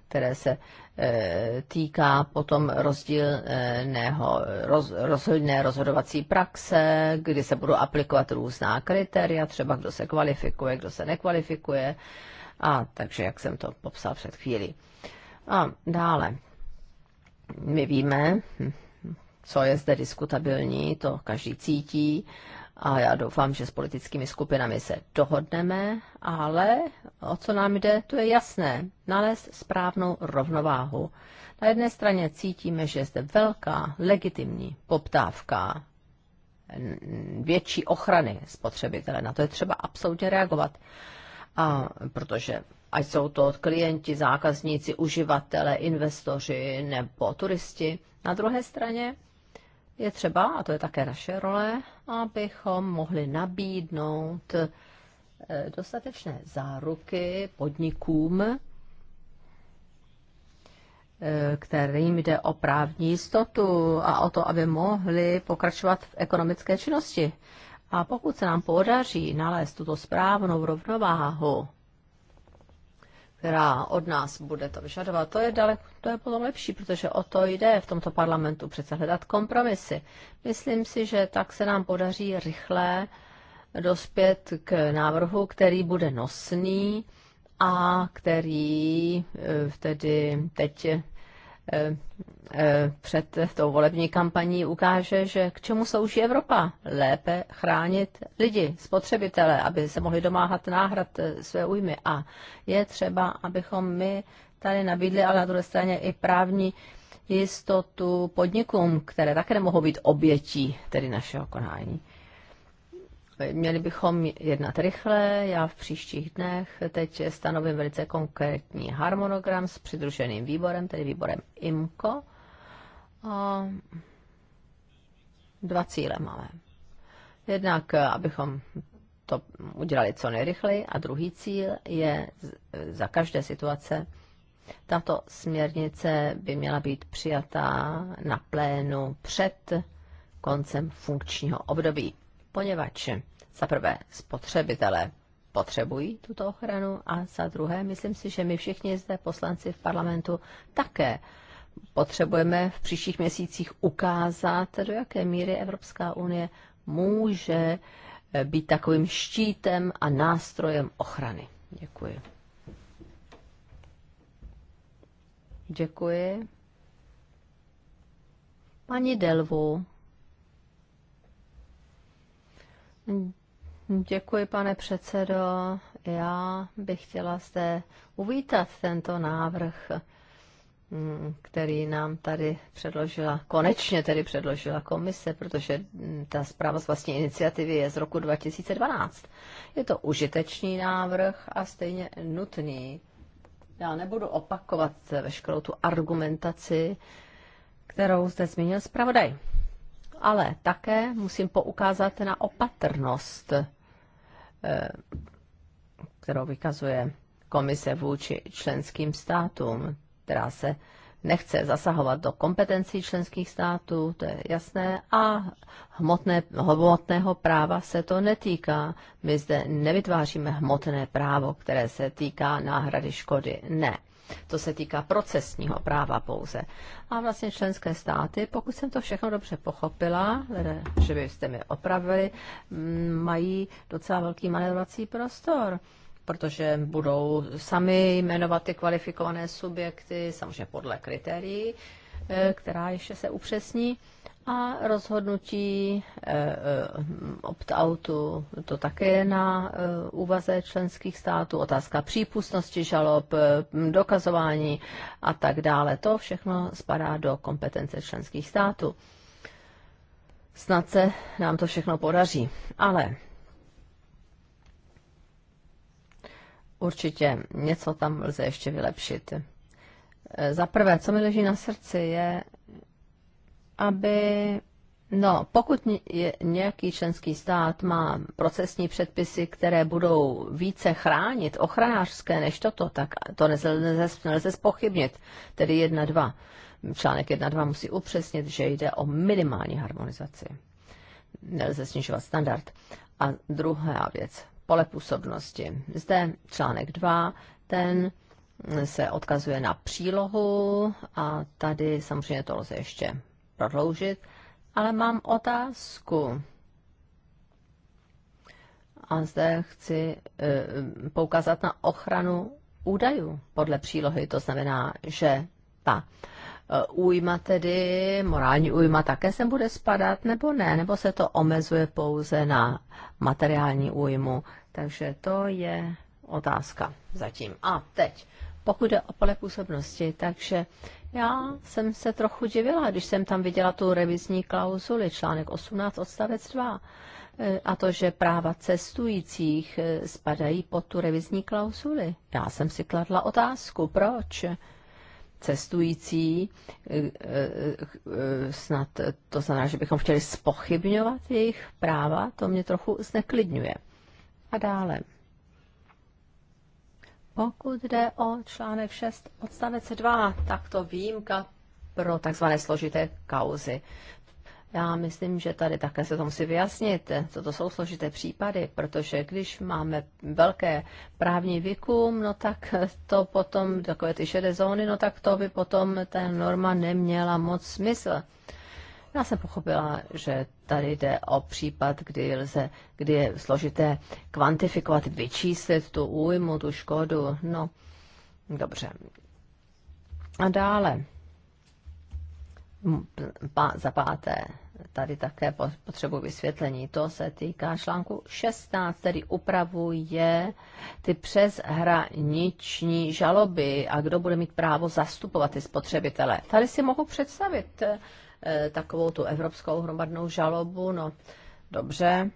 které se e, týká potom rozdílného, roz, rozhodné rozhodovací praxe, kdy se budou aplikovat různá kritéria, třeba kdo se kvalifikuje, kdo se nekvalifikuje, a takže jak jsem to popsal před chvílí. A dále, my víme, hm, co je zde diskutabilní, to každý cítí a já doufám, že s politickými skupinami se dohodneme, ale o co nám jde, to je jasné. Nalézt správnou rovnováhu. Na jedné straně cítíme, že je zde velká legitimní poptávka větší ochrany spotřebitele. Na to je třeba absolutně reagovat. A protože ať jsou to klienti, zákazníci, uživatele, investoři nebo turisti. Na druhé straně je třeba, a to je také naše role, abychom mohli nabídnout eh, dostatečné záruky podnikům, eh, kterým jde o právní jistotu a o to, aby mohli pokračovat v ekonomické činnosti. A pokud se nám podaří nalézt tuto správnou rovnováhu která od nás bude to vyžadovat, to je daleko, to je potom lepší, protože o to jde v tomto parlamentu přece hledat kompromisy. Myslím si, že tak se nám podaří rychle dospět k návrhu, který bude nosný a který eh, tedy teď Eh, eh, před tou volební kampaní ukáže, že k čemu slouží Evropa. Lépe chránit lidi, spotřebitele, aby se mohli domáhat náhrad eh, své újmy. A je třeba, abychom my tady nabídli, ale na druhé straně i právní jistotu podnikům, které také nemohou být obětí tedy našeho konání. Měli bychom jednat rychle, já v příštích dnech teď stanovím velice konkrétní harmonogram s přidruženým výborem, tedy výborem IMCO. A dva cíle máme. Jednak, abychom to udělali co nejrychleji a druhý cíl je za každé situace tato směrnice by měla být přijatá na plénu před koncem funkčního období poněvadž za prvé spotřebitelé potřebují tuto ochranu a za druhé myslím si, že my všichni zde poslanci v parlamentu také potřebujeme v příštích měsících ukázat, do jaké míry Evropská unie může eh, být takovým štítem a nástrojem ochrany. Děkuji. Děkuji. Pani Delvu, Děkuji, pane předsedo. Já bych chtěla zde uvítat tento návrh, mm, který nám tady předložila, konečně tedy předložila komise, protože mm, ta zpráva z vlastní iniciativy je z roku 2012. Je to užitečný návrh a stejně nutný. Já nebudu opakovat veškerou tu argumentaci, kterou zde zmínil zpravodaj ale také musím poukázat na opatrnost, eh, kterou vykazuje komise vůči členským státům, která se nechce zasahovat do kompetencí členských států, to je jasné, a hmotné, hmotného práva se to netýká. My zde nevytváříme hmotné právo, které se týká náhrady škody. Ne. To se týká procesního práva pouze. A vlastně členské státy, pokud jsem to všechno dobře pochopila, že byste mi opravili, mm, mají docela velký manevrovací prostor protože budou sami jmenovat ty kvalifikované subjekty, samozřejmě podle kritérií, eh, která ještě se upřesní. A rozhodnutí eh, eh, opt-outu, to také je na eh, úvaze členských států, otázka přípustnosti žalob, dokazování a tak dále. To všechno spadá do kompetence členských států. Snad se nám to všechno podaří. Ale určitě něco tam lze ještě vylepšit. Za prvé, co mi leží na srdci, je aby No, pokud nějaký členský stát má procesní předpisy, které budou více chránit, ochranářské než toto, tak to nelze, nelze spochybnit. Tedy 1.2. Článek 1.2 musí upřesnit, že jde o minimální harmonizaci. Nelze snižovat standard. A druhá věc, pole působnosti. Zde článek 2, ten se odkazuje na přílohu a tady samozřejmě to lze ještě prodloužit, ale mám otázku. A zde chci eh, poukázat na ochranu údajů podle přílohy. To znamená, že ta eh, újma tedy, morální újma také sem bude spadat, nebo ne, nebo se to omezuje pouze na materiální újmu. Takže to je otázka zatím. A teď, pokud jde o pole působnosti, takže já jsem se trochu divila, když jsem tam viděla tu revizní klauzuli, článek 18 odstavec 2, e, a to, že práva cestujících e, spadají pod tu revizní klauzuli. Já jsem si kladla otázku, proč cestující, e, snad to znamená, že bychom chtěli spochybňovat jejich práva, to mě trochu zneklidňuje. A dále. Pokud jde o článek 6 odstavec 2, tak to výjimka pro takzvané složité kauzy. Já myslím, že tady také se to musí vyjasnit. co to jsou složité případy, protože když máme velké právní vykum, no tak to potom, takové ty šedé zóny, no tak to by potom ta norma neměla moc smysl. Já jsem pochopila, že tady jde o případ, kdy, lze, kdy je složité kvantifikovat, vyčíslit tu újmu, tu škodu. No, dobře. A dále, Pa, za páté, tady také potřebuji vysvětlení. To se týká článku 16, který upravuje ty přeshraniční žaloby a kdo bude mít právo zastupovat ty spotřebitele. Tady si mohu představit eh, Eh, takovou tu evropskou hromadnou žalobu, no dobře,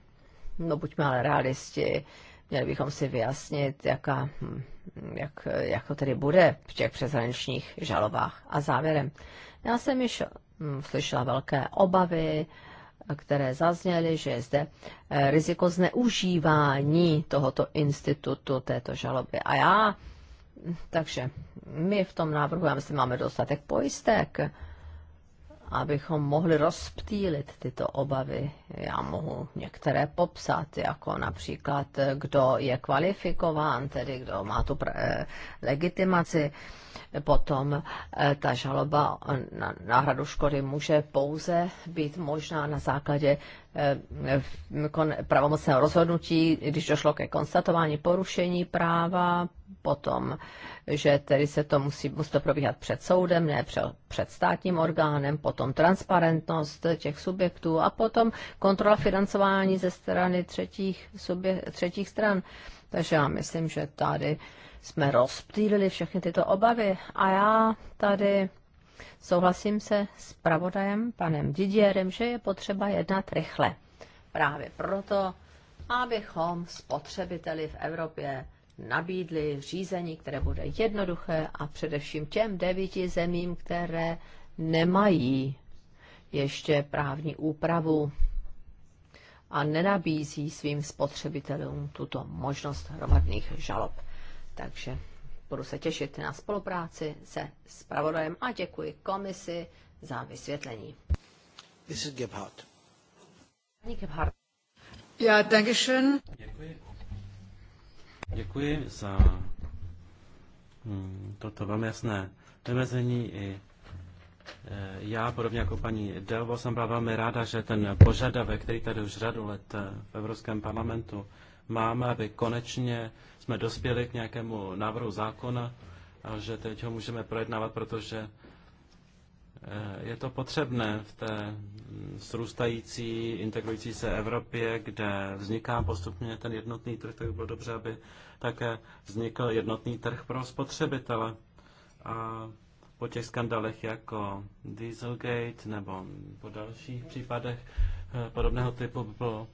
no buďme ale realisti, měli bychom si vyjasnit, jaká, hm, jak, jak to tedy bude v těch přeshraničních žalobách. A závěrem, já jsem již hm, slyšela velké obavy, které zazněly, že je zde eh, riziko zneužívání tohoto institutu, této žaloby. A já, takže my v tom návrhu, já myslím, máme dostatek pojistek, abychom mohli rozptýlit tyto obavy. Já mohu některé popsat, jako například, kdo je kvalifikován, tedy kdo má tu eh, legitimaci potom eh, ta žaloba na náhradu škody může pouze být možná na základě eh, pravomocného rozhodnutí, když došlo ke konstatování porušení práva, potom, že tedy se to musí, musí to probíhat před soudem, ne před, před státním orgánem, potom transparentnost těch subjektů a potom kontrola financování ze strany třetích, subje, třetích stran. Takže já myslím, že tady jsme rozptýlili všechny tyto obavy. A já tady souhlasím se s pravodajem, panem Didierem, že je potřeba jednat rychle. Právě proto, abychom spotřebiteli v Evropě nabídli řízení, které bude jednoduché a především těm devíti zemím, které nemají ještě právní úpravu a nenabízí svým spotřebitelům tuto možnost hromadných žalob. Takže budu se těšit na spolupráci se zpravodajem a děkuji komisi za vysvětlení. This is Gebhardt. Pani Gebhardt. Ja, danke schön. Děkuji. Děkuji za hmm, toto velmi jasné vymezení i eh, já, podobně jako paní Delvo, jsem byla velmi ráda, že ten požadavek, který tady už řadu let eh, v Evropském parlamentu máme, aby konečně jsme dospěli k nějakému návrhu zákona a že teď ho můžeme projednávat, protože eh, je to potřebné v té mm, srůstající, integrující se Evropě, kde vzniká postupně ten jednotný trh, tak by bylo dobře, aby také vznikl jednotný trh pro spotřebitele. A po těch skandalech jako Dieselgate nebo po dalších případech eh, podobného typu by bylo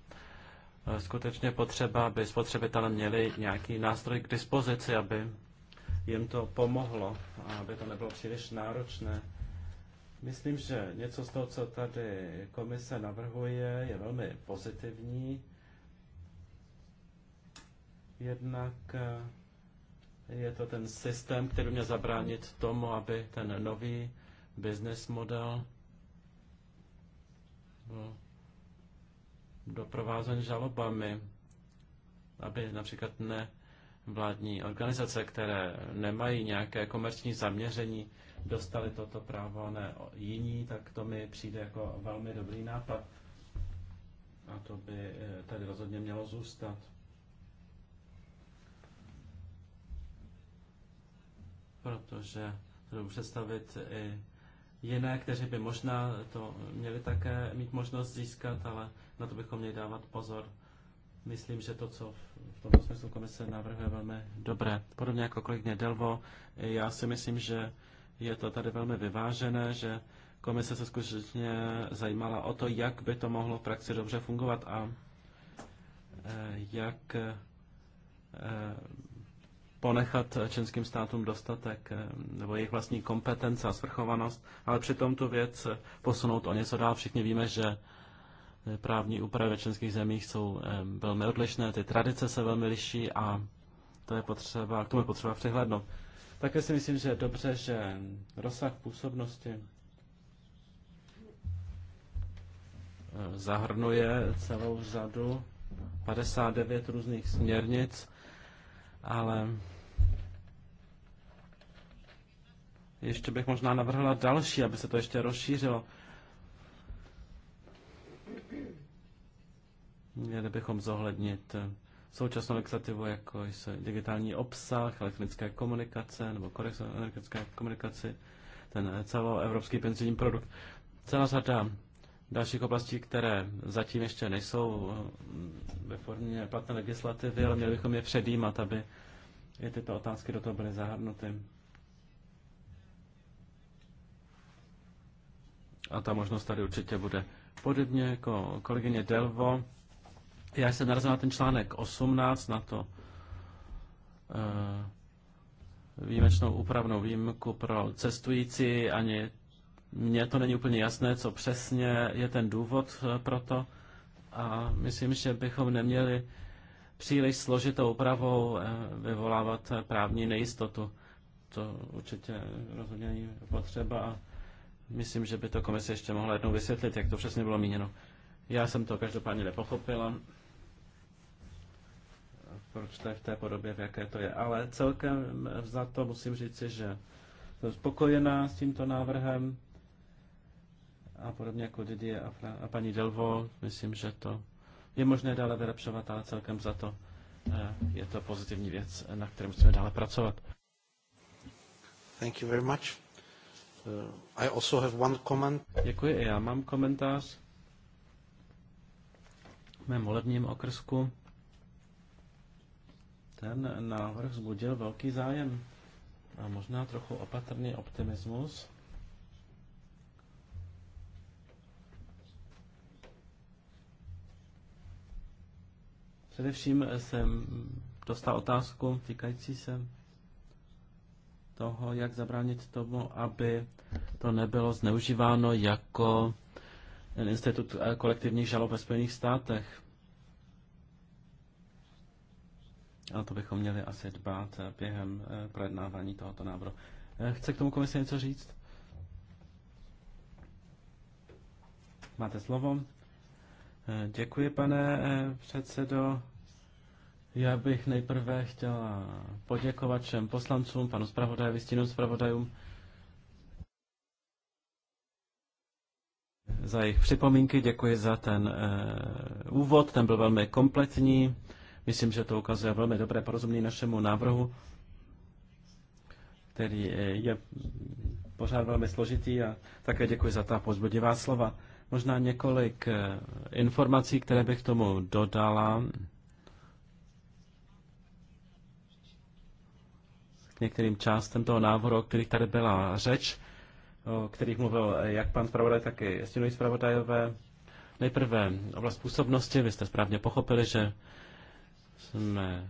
Eh, skutečně potřeba, aby spotřebitelé měli nějaký nástroj k dispozici, aby jim to pomohlo a aby to nebylo příliš náročné. Myslím, že něco z toho, co tady komise navrhuje, je velmi pozitivní. Jednak eh, je to ten systém, který mě zabránit tomu, aby ten nový business model byl doprovázen žalobami, aby například ne vládní organizace, které nemají nějaké komerční zaměření, dostali toto právo ne jiní, tak to mi přijde jako velmi dobrý nápad. A to by eh, tady rozhodně mělo zůstat. Protože to představit i jiné, kteří by možná to měli také mít možnost získat, ale na to bychom měli dávat pozor. Myslím, že to, co v tomto smyslu komise navrhuje, velmi dobré. Podobně jako kolegyně Delvo, já si myslím, že je to tady velmi vyvážené, že komise se skutečně zajímala o to, jak by to mohlo v praxi dobře fungovat a eh, jak eh, ponechat členským státům dostatek eh, nebo jejich vlastní kompetence a svrchovanost, ale přitom tu věc eh, posunout o něco dál. Všichni víme, že eh, právní úpravy ve členských zemích jsou velmi odlišné, ty tradice se velmi liší a to je potřeba, k tomu je potřeba přihlednout. Také si myslím, že je dobře, že rozsah působnosti zahrnuje celou řadu 59 různých směrnic, ale Ještě bych možná navrhla další, aby se to ještě rozšířilo. Měli bychom zohlednit současnou legislativu, jako jsou digitální obsah, elektronické komunikace nebo kodex elektronické komunikaci, ten celoevropský penzijní produkt. Celá řada dalších oblastí, které zatím ještě nejsou eh, ve formě platné legislativy, ale měli bychom je předjímat, aby i tyto otázky do toho byly zahrnuty. A ta možnost tady určitě bude. Podobně jako kolegyně Delvo, já jsem narazil na ten článek 18, na to e, výjimečnou úpravnou výjimku pro cestující. Ani mně to není úplně jasné, co přesně je ten důvod eh, pro to. A myslím, že bychom neměli příliš složitou úpravou eh, vyvolávat právní nejistotu. To určitě rozhodně není potřeba. Myslím, že by to komise ještě mohla jednou vysvětlit, jak to přesně bylo míněno. Já jsem to každopádně nepochopila, proč to je v té podobě, v jaké to je. Ale celkem za to musím říci, že jsem spokojená s tímto návrhem a podobně jako Didier a, Fra- a paní Delvo, myslím, že to je možné dále vylepšovat, ale celkem za to eh, je to pozitivní věc, na které musíme dále pracovat. Thank you very much. Uh, I also have one comment. Děkuji, já mám komentář v mém volebním okrsku. Ten návrh vzbudil velký zájem a možná trochu opatrný optimismus. Především jsem dostal otázku týkající se toho, jak zabránit tomu, aby to nebylo zneužíváno jako institut eh, kolektivních žalob ve Spojených státech. A to bychom měli asi dbát eh, během eh, projednávání tohoto návrhu. Chce k tomu komise něco říct? Máte slovo. Děkuji, pane předsedo. Já bych nejprve chtěla poděkovat všem poslancům, panu zpravodajovi, stínovým zpravodajům za jejich připomínky. Děkuji za ten e, úvod, ten byl velmi kompletní. Myslím, že to ukazuje velmi dobré porozumění našemu návrhu, který eh, je pořád velmi složitý a také děkuji za ta pozbudivá slova. Možná několik eh, informací, které bych tomu dodala. některým částem toho návrhu, o kterých tady byla řeč, o kterých mluvil jak pan zpravodaj, tak i stěnují zpravodajové. Nejprve oblast působnosti. Vy jste správně pochopili, že jsme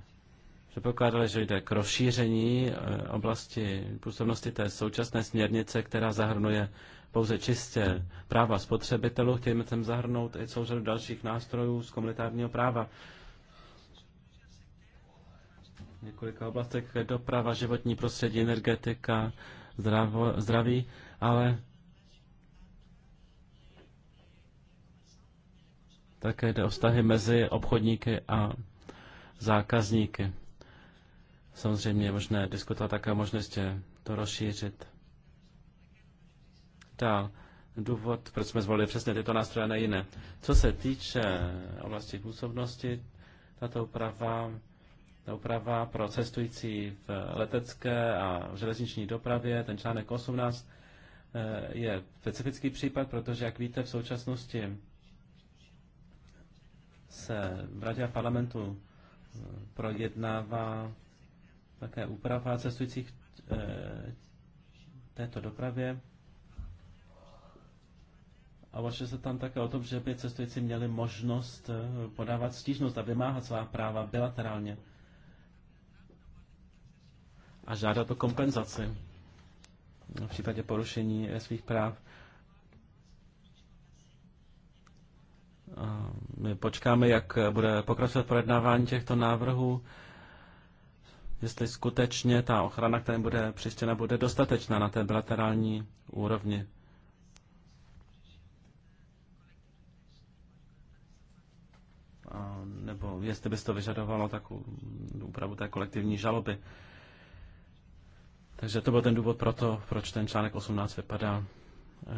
předpokládali, že jde k rozšíření eh, oblasti působnosti té současné směrnice, která zahrnuje pouze čistě práva spotřebitelů. Chtějme tam zahrnout i celou řadu dalších nástrojů z komunitárního práva několika oblastech, doprava, životní prostředí, energetika, zdravo, zdraví, ale také jde o vztahy mezi obchodníky a zákazníky. Samozřejmě je možné diskutovat také o možnosti to rozšířit. Dál. Důvod, proč jsme zvolili přesně tyto nástroje a ne jiné. Co se týče oblasti působnosti, tato úprava ta úprava pro cestující v letecké a železniční dopravě, ten článek 18, eh, je specifický případ, protože, jak víte, v současnosti se v Radě a parlamentu eh, projednává také úprava cestujících eh, této dopravě. A vaše se tam také o tom, že by cestující měli možnost podávat stížnost a vymáhat svá práva bilaterálně a žádat o kompenzaci v případě porušení svých práv. my počkáme, jak bude pokračovat projednávání těchto návrhů, jestli skutečně ta ochrana, která bude přištěna, bude dostatečná na té bilaterální úrovni. A nebo jestli by to vyžadovalo takovou úpravu té kolektivní žaloby. Takže to byl ten důvod pro to, proč ten článek 18 vypadá eh,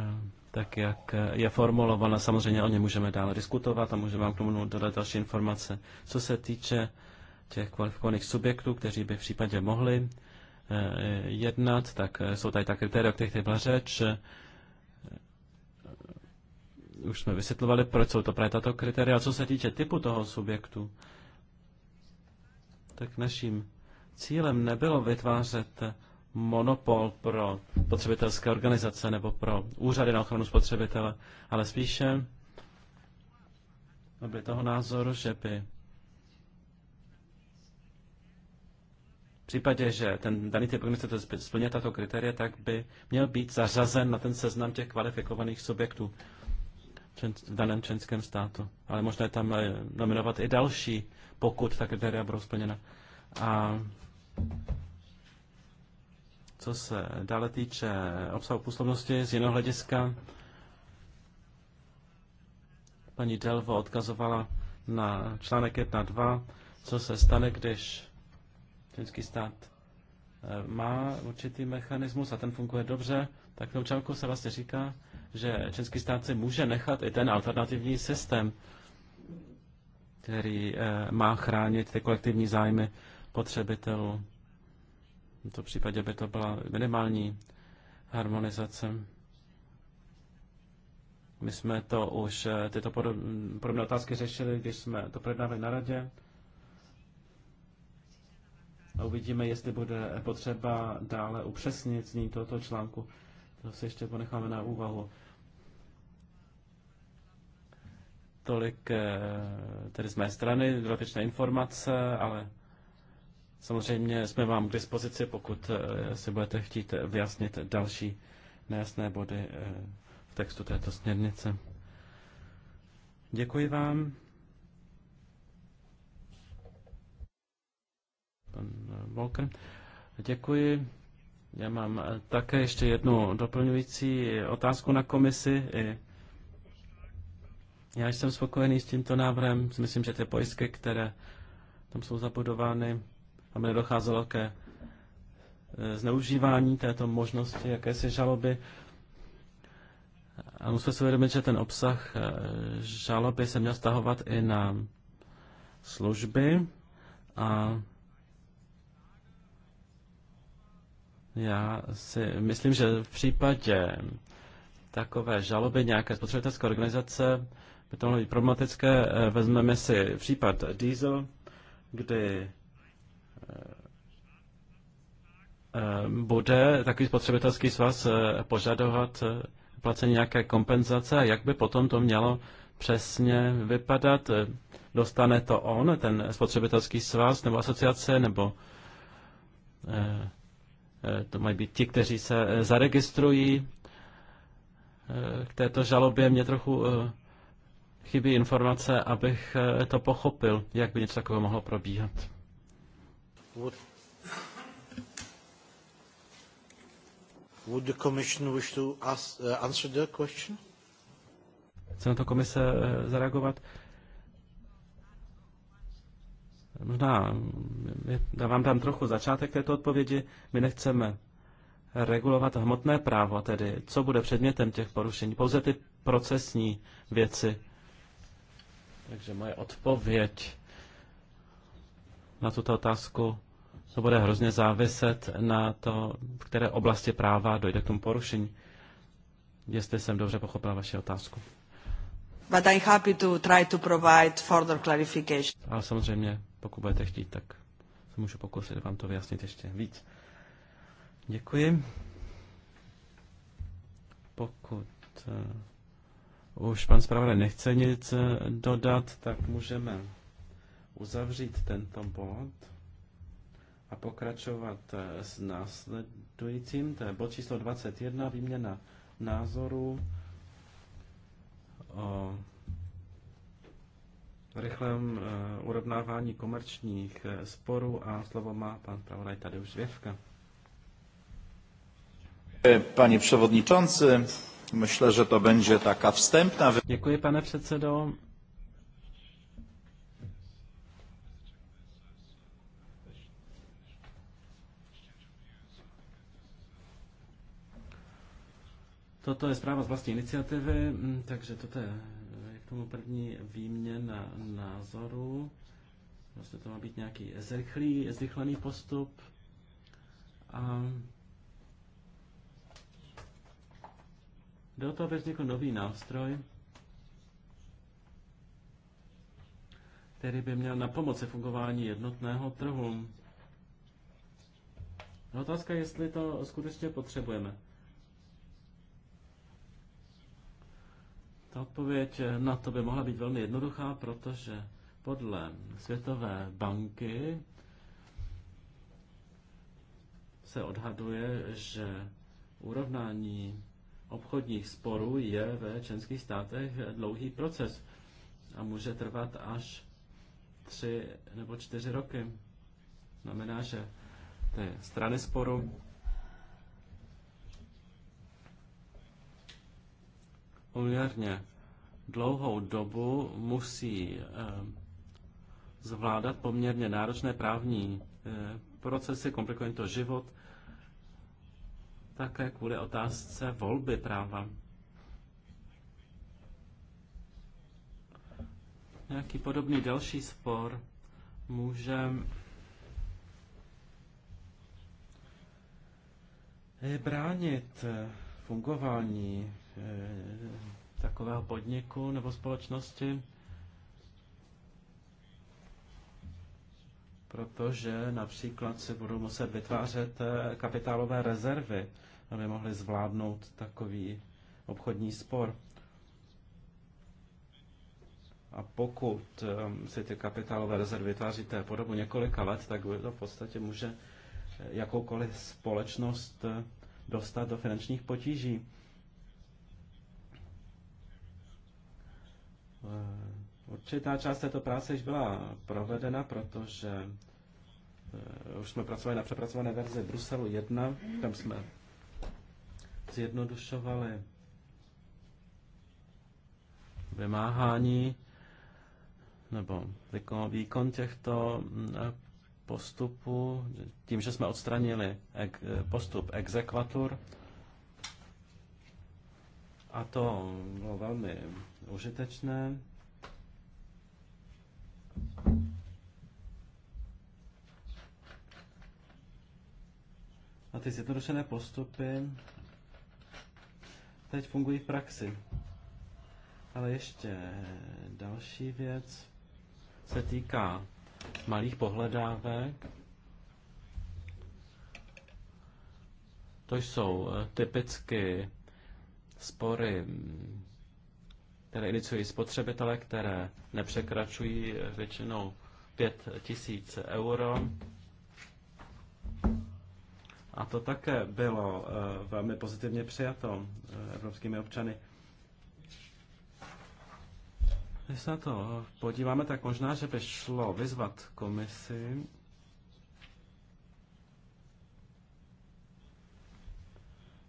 tak, jak eh, je formulován, Samozřejmě o ně můžeme dále diskutovat a můžeme vám k tomu dodat další informace. Co se týče těch kvalifikovaných subjektů, kteří by v případě mohli eh, jednat, tak jsou tady ta kritéria, o kterých tady byla řeč. Už jsme vysvětlovali, proč jsou to právě tato kritéria. co se týče typu toho subjektu, tak naším cílem nebylo vytvářet monopol pro spotřebitelské organizace nebo pro úřady na ochranu spotřebitele, ale spíše aby toho názoru, že by v případě, že ten daný typ organizace splně tato kritéria, tak by měl být zařazen na ten seznam těch kvalifikovaných subjektů v daném členském státu. Ale možná je tam eh, nominovat i další, pokud ta kritéria budou splněna. A co se dále týče obsahu působnosti z jiného hlediska, paní Delvo odkazovala na článek 2, co se stane, když členský stát eh, má určitý mechanismus a ten funguje dobře, tak v článku se vlastně říká, že český stát si může nechat i ten alternativní systém, který eh, má chránit ty kolektivní zájmy potřebitelů. V tomto případě by to byla minimální harmonizace. My jsme to už, eh, tyto podobné otázky řešili, když jsme to projednávali na radě. A uvidíme, jestli bude potřeba dále upřesnit zní tohoto článku. To si ještě ponecháme na úvahu. Tolik eh, tedy z mé strany, dodatečné informace, ale Samozřejmě jsme vám k dispozici, pokud eh, si budete chtít vyjasnit další nejasné body eh, v textu této směrnice. Děkuji vám. Pan eh, Volker. Děkuji. Já mám také ještě jednu doplňující otázku na komisi. Já jsem spokojený s tímto návrhem. Myslím, že ty pojistky, které tam jsou zabudovány, aby nedocházelo ke eh, zneužívání této možnosti jakési žaloby. A musíme si uvědomit, že ten obsah eh, žaloby se měl stahovat i na služby a já si myslím, že v případě takové žaloby nějaké spotřebitelské organizace by to mohlo být problematické. Eh, vezmeme si případ Diesel, kdy Eh, bude takový spotřebitelský svaz eh, požadovat eh, placení nějaké kompenzace a jak by potom to mělo přesně vypadat? Dostane to on, ten spotřebitelský svaz nebo asociace, nebo to mají být ti, kteří se zaregistrují k této žalobě. Mě trochu chybí informace, abych to pochopil, jak by něco takového mohlo probíhat. Would the Commission wish to ask, uh, answer the question? Chce na to komise uh, zareagovat? Možná mm, vám dám trochu začátek této odpovědi. My nechceme regulovat hmotné právo, tedy co bude předmětem těch porušení, pouze ty procesní věci. Takže moje odpověď na tuto otázku to bude hrozně záviset na to, v které oblasti práva dojde k tomu porušení. Jestli jsem dobře pochopila vaši otázku. But I'm happy to try to provide further clarification. Ale samozřejmě, pokud budete chtít, tak se můžu pokusit vám to vyjasnit ještě víc. Děkuji. Pokud uh, už pan zpravodaj nechce nic uh, dodat, tak můžeme uzavřít tento bod a pokračovat eh, s následujícím. To je bod číslo 21, výměna názorů o rychlém eh, urovnávání komerčních eh, sporů a slovo má pan pravodaj Tadeusz Věvka. Panie przewodniczący, myślę, że to będzie taka wstępna. Děkuji, pane předsedo. Toto je zpráva z vlastní iniciativy, mm, takže toto je k tomu první výměna názoru. Vlastně to má být nějaký zrychlý, zrychlený postup. A do toho to, aby vznikl nový nástroj, který by měl na pomoci fungování jednotného trhu. Otázka je, jestli to skutečně potřebujeme. Ta odpověď eh, na to by mohla být velmi jednoduchá, protože podle Světové banky se odhaduje, že urovnání obchodních sporů je ve členských státech dlouhý proces a může trvat až tři nebo čtyři roky. Znamená, že ty strany sporu poměrně dlouhou dobu musí eh, zvládat poměrně náročné právní eh, procesy, komplikuje to život, také kvůli otázce volby práva. Nějaký podobný další spor může bránit eh, fungování Eh, takového podniku nebo společnosti, protože například si budou muset vytvářet eh, kapitálové rezervy, aby mohli zvládnout takový obchodní spor. A pokud eh, si ty kapitálové rezervy vytváříte po dobu několika let, tak to v podstatě může jakoukoliv společnost dostat do finančních potíží. určitá část této práce již byla provedena, protože eh, už jsme pracovali na přepracované verzi Bruselu 1, tam jsme zjednodušovali vymáhání nebo výkon těchto mm, eh, postupů, tím, že jsme odstranili eh, postup exekvatur, a to bylo velmi užitečné. A ty zjednodušené postupy teď fungují v praxi. Ale ještě další věc se týká malých pohledávek. To jsou eh, typicky spory, které iniciují spotřebitele, které nepřekračují eh, většinou 5000 tisíc euro. A to také bylo eh, velmi pozitivně přijato eh, evropskými občany. Když se na to podíváme, tak možná, že by šlo vyzvat komisi,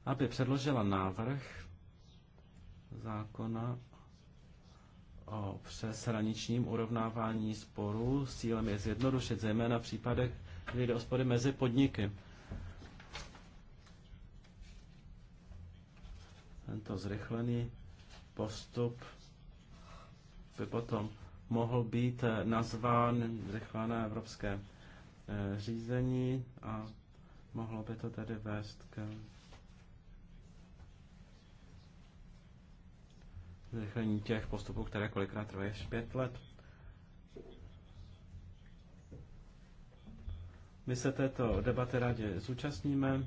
aby předložila návrh zákona o přeshraničním urovnávání sporů s cílem je zjednodušit, zejména v případech, kdy jde o spory mezi podniky. Tento zrychlený postup by potom mohl být eh, nazván zrychlené evropské eh, řízení a mohlo by to tedy vést k zrychlení těch postupů, které kolikrát trvají až pět let. My se této debaty rádi zúčastníme.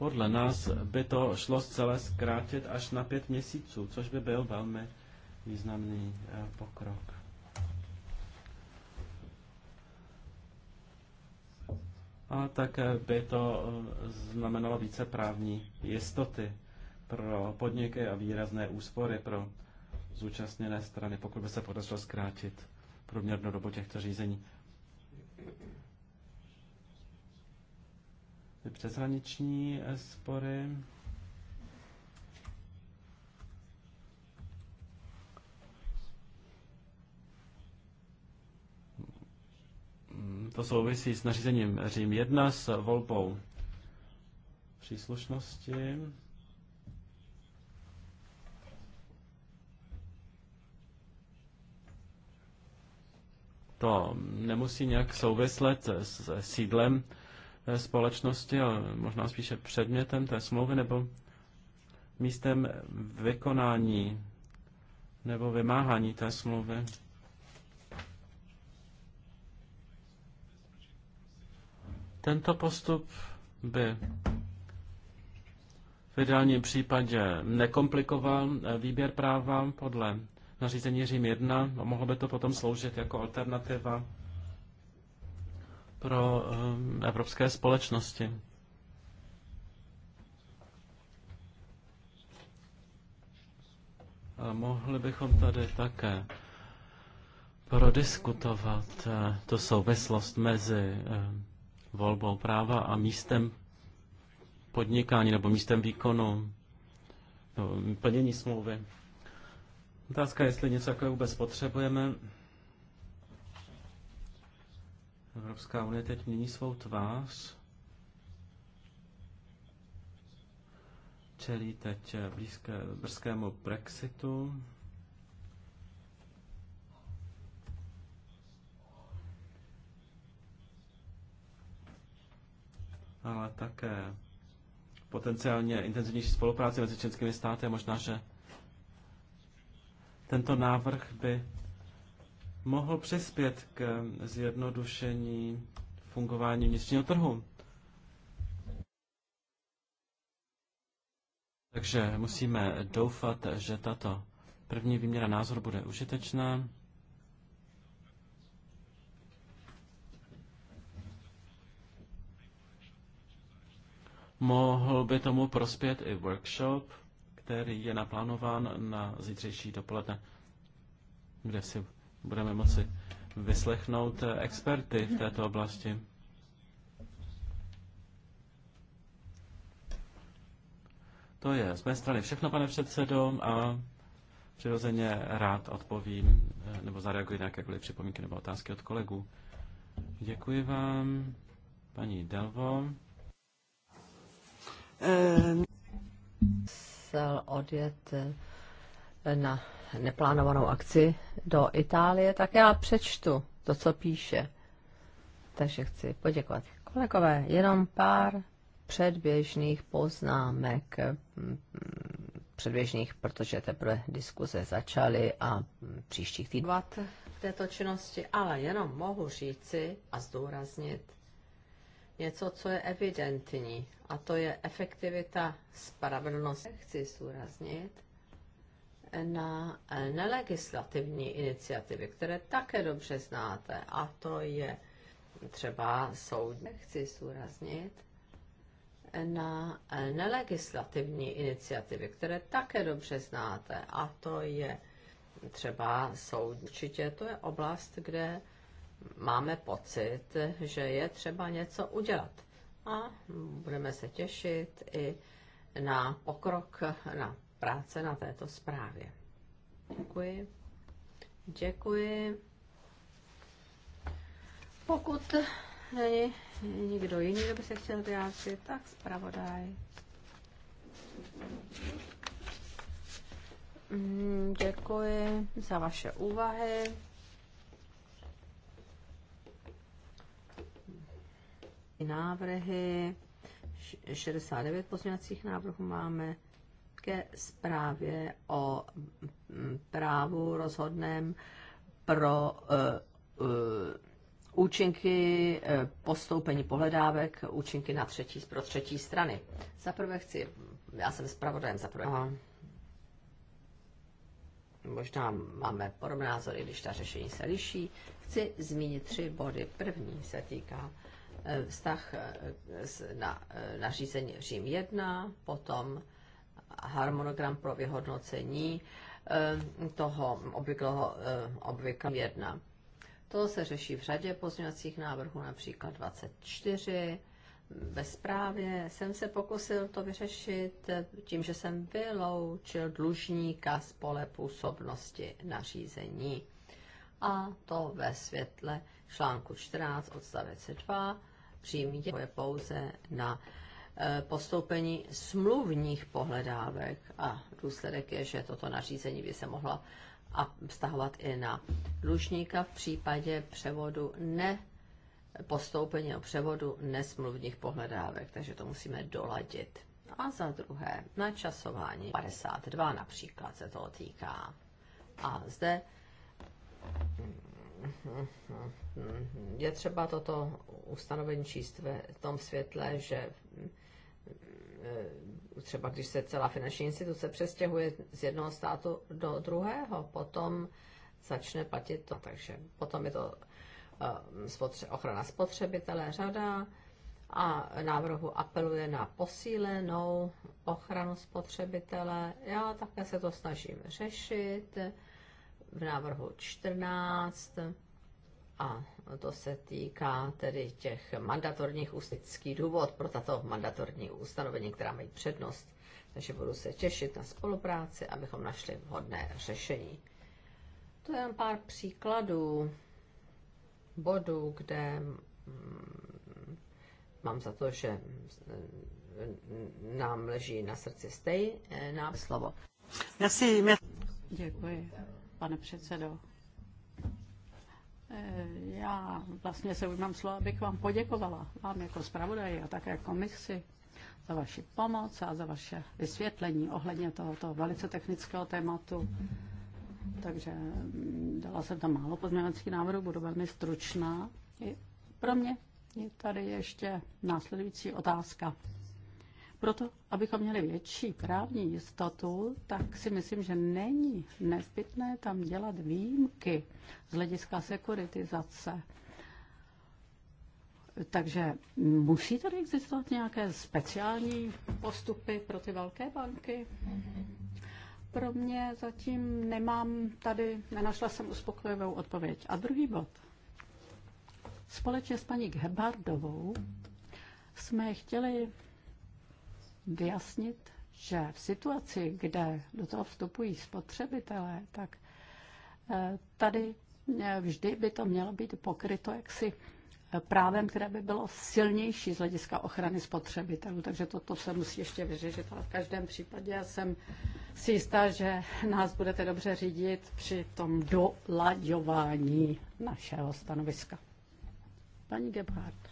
Podle nás by to šlo zcela zkrátit až na pět měsíců, což by byl velmi významný eh, pokrok. A také by to eh, znamenalo více právní jistoty pro podniky a výrazné úspory pro zúčastněné strany, pokud by se podařilo zkrátit průměrnou dobu těchto řízení. ty přeshraniční eh, spory. To souvisí s nařízením Řím 1 s volbou příslušnosti. To nemusí nějak souvislet s sídlem té eh, společnosti, ale možná spíše předmětem té smlouvy nebo místem vykonání nebo vymáhání té smlouvy. Tento postup by v ideálním případě nekomplikoval eh, výběr práva podle nařízení Řím 1 a mohlo by to potom sloužit jako alternativa pro eh, evropské společnosti. A mohli bychom tady také prodiskutovat eh, tu souvislost mezi eh, volbou práva a místem podnikání nebo místem výkonu no, plnění smlouvy. Otázka, jestli něco takového vůbec potřebujeme. Evropská unie teď mění svou tvář. Čelí teď blízké, brzkému Brexitu. ale také potenciálně intenzivnější spolupráci mezi členskými státy a možná, že tento návrh by mohl přispět k zjednodušení fungování vnitřního trhu. Takže musíme doufat, že tato první výměra názor bude užitečná. Mohl by tomu prospět i workshop, který je naplánován na zítřejší dopoledne, kde si budeme moci vyslechnout eh, experty v této oblasti. To je z mé strany všechno, pane předsedo, a přirozeně rád odpovím eh, nebo zareaguji na jakékoliv připomínky nebo otázky od kolegů. Děkuji vám, paní Delvo. Ehm. Musel odjet eh, na neplánovanou akci do Itálie, tak já přečtu to, co píše. Takže chci poděkovat. Kolegové, jenom pár předběžných poznámek, mm, předběžných, protože teprve diskuze začaly a mm, příštích týdnů. V této činnosti, ale jenom mohu říci a zdůraznit něco, co je evidentní, a to je efektivita spravedlnosti. Chci zdůraznit, na eh, nelegislativní iniciativy, které také dobře znáte, a to je třeba soud. Chci zúraznit eh, na eh, nelegislativní iniciativy, které také dobře znáte, a to je třeba soud. Určitě to je oblast, kde máme pocit, že je třeba něco udělat. A budeme se těšit i na pokrok, na práce na této zprávě. Děkuji. Děkuji. Pokud není nikdo jiný, kdo by se chtěl vyjádřit, tak zpravodaj. Hmm, děkuji za vaše úvahy. Návrhy. 69 pozměňovacích návrhů máme ke zprávě o mm, právu rozhodném pro uh, uh, účinky e, postoupení pohledávek, účinky na třetí, pro třetí strany. Za prvé chci, já jsem zpravodajem za prvé. Možná máme podobné názory, když ta řešení se liší. Chci zmínit tři body. První se týká vztah na nařízení Řím 1, potom harmonogram pro vyhodnocení eh, toho obvyklého, eh, obvyka jedna. To se řeší v řadě pozměňovacích návrhů, například 24. Ve zprávě jsem se pokusil to vyřešit eh, tím, že jsem vyloučil dlužníka z pole působnosti nařízení. A to ve světle článku 14 odstavec 2 přímý je pouze na Eh, postoupení smluvních pohledávek a důsledek je, že toto nařízení by se mohlo a vztahovat i na dlužníka v případě převodu ne postoupení o převodu nesmluvních pohledávek, takže to musíme doladit. A za druhé, na časování 52 například se toho týká. A zde je třeba toto ustanovení číst v tom světle, že E, třeba když se celá finanční instituce přestěhuje z jednoho státu do druhého, potom začne platit to. Takže potom je to e, ochrana spotřebitele řada a návrhu apeluje na posílenou ochranu spotřebitele. Já také se to snažím řešit v návrhu 14 a to se týká tedy těch mandatorních ústický důvod pro tato mandatorní ustanovení, která mají přednost. Takže budu se těšit na spolupráci, abychom našli vhodné řešení. To je jen pár příkladů bodů, kde mm, mám za to, že mm, nám leží na srdci stejná eh, slovo. Děkuji, pane předsedo. Eh, já vlastně se ujímám slova, abych vám poděkovala, vám jako zpravodaji a také komisi, za vaši pomoc a za vaše vysvětlení ohledně tohoto velice technického tématu. Takže mm, dala jsem tam málo pozměňovacích návrhů, budu velmi stručná. Pro mě je tady ještě následující otázka. Proto, abychom měli větší právní jistotu, tak si myslím, že není nezbytné tam dělat výjimky z hlediska sekuritizace. Takže musí tady existovat nějaké speciální postupy pro ty velké banky? Pro mě zatím nemám tady, nenašla jsem uspokojivou odpověď. A druhý bod. Společně s paní Gebardovou jsme chtěli vyjasnit, že v situaci, kde do toho vstupují spotřebitelé, tak eh, tady eh, vždy by to mělo být pokryto jaksi eh, právem, které by bylo silnější z hlediska ochrany spotřebitelů. Takže toto se musí ještě vyřešit, ale v každém případě já jsem si jistá, že nás budete dobře řídit při tom dolaďování našeho stanoviska. Paní Gebhardt.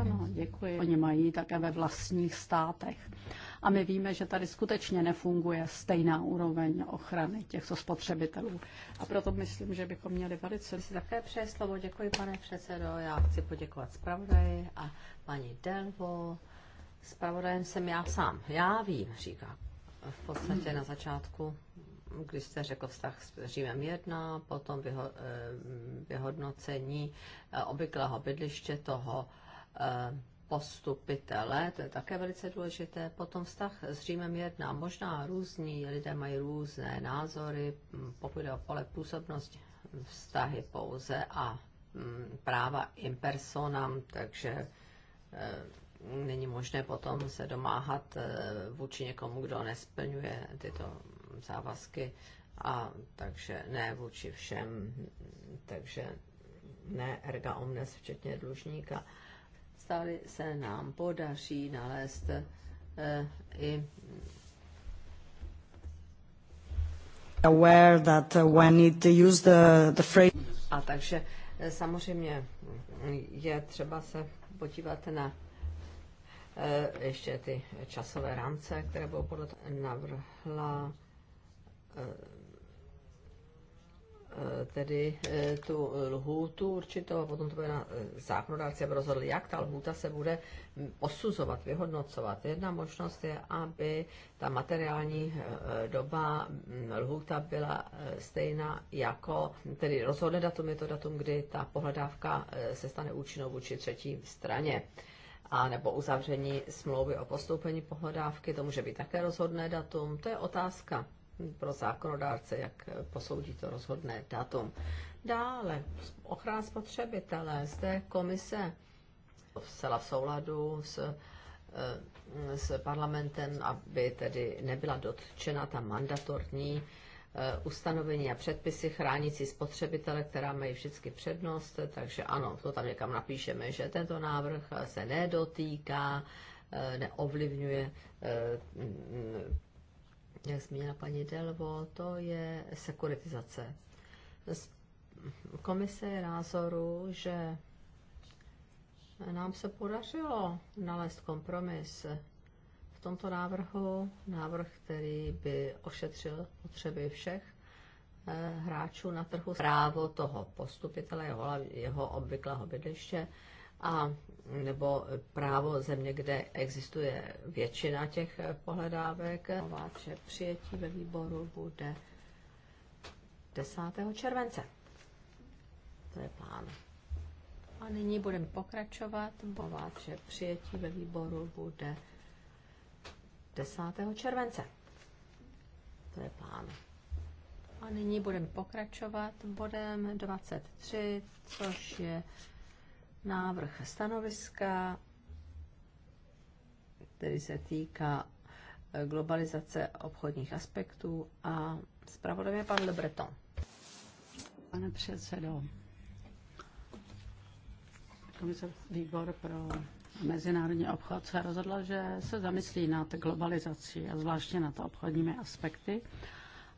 Ano, děkuji. Oni mají také ve vlastních státech. A my víme, že tady skutečně nefunguje stejná úroveň ochrany těchto spotřebitelů. A proto myslím, že bychom měli velice... Si také přeje slovo. Děkuji, pane předsedo. Já chci poděkovat zpravodaji a paní Delvo. Spravodajem jsem já sám. Já vím, říká. V podstatě hmm. na začátku když jste řekl vztah s Římem 1, potom vyho, eh, vyhodnocení eh, obvyklého bydliště toho Eh, postupitele, to je také velice důležité. Potom vztah s Římem jedná Možná různí lidé mají různé názory, hm, pokud jde o pole působnosti, vztahy pouze a hm, práva impersonam, takže eh, není možné potom se domáhat eh, vůči někomu, kdo nesplňuje tyto závazky a takže ne vůči všem, takže ne erga omnes, včetně dlužníka stále se nám podaří nalézt eh, i aware that when it used the, the phrase... A takže eh, samozřejmě mm, je třeba se podívat na eh, ještě ty časové rámce, které bylo podle navrhla Eh, tedy eh, tu eh, lhůtu určitou a potom to bude na zákonodárci, aby rozhodl, jak ta lhůta se bude mm, posuzovat, vyhodnocovat. Jedna možnost je, aby ta materiální doba mm, lhůta byla stejná jako, tedy rozhodne datum je to datum, kdy ta pohledávka se stane účinnou vůči třetí straně a nebo uzavření smlouvy o postoupení pohledávky, to může být také rozhodné datum, to je otázka pro zákonodárce, jak posoudí to rozhodné datum. Dále, ochrana spotřebitele. Zde komise vcela v souladu s, eh, s parlamentem, aby tedy nebyla dotčena ta mandatorní eh, ustanovení a předpisy chránící spotřebitele, která mají vždycky přednost, takže ano, to tam někam napíšeme, že tento návrh se nedotýká, eh, neovlivňuje jak zmínila paní Delvo, to je sekuritizace. Komise je názoru, že nám se podařilo nalézt kompromis v tomto návrhu, návrh, který by ošetřil potřeby všech eh, hráčů na trhu právo toho postupitele, jeho, jeho obvyklého bydliště, a nebo právo země, kde existuje většina těch pohledávek. Váče přijetí ve výboru bude 10. července. To je plán. A nyní budeme pokračovat. Váče přijetí ve výboru bude 10. července. To je plán. A nyní budeme pokračovat bodem 23, což je návrh stanoviska, který se týká eh, globalizace obchodních aspektů a zpravodajem je pan Le Breton. Pane předsedo, komise výbor pro mezinárodní obchod se rozhodla, že se zamyslí nad globalizací a zvláště nad obchodními aspekty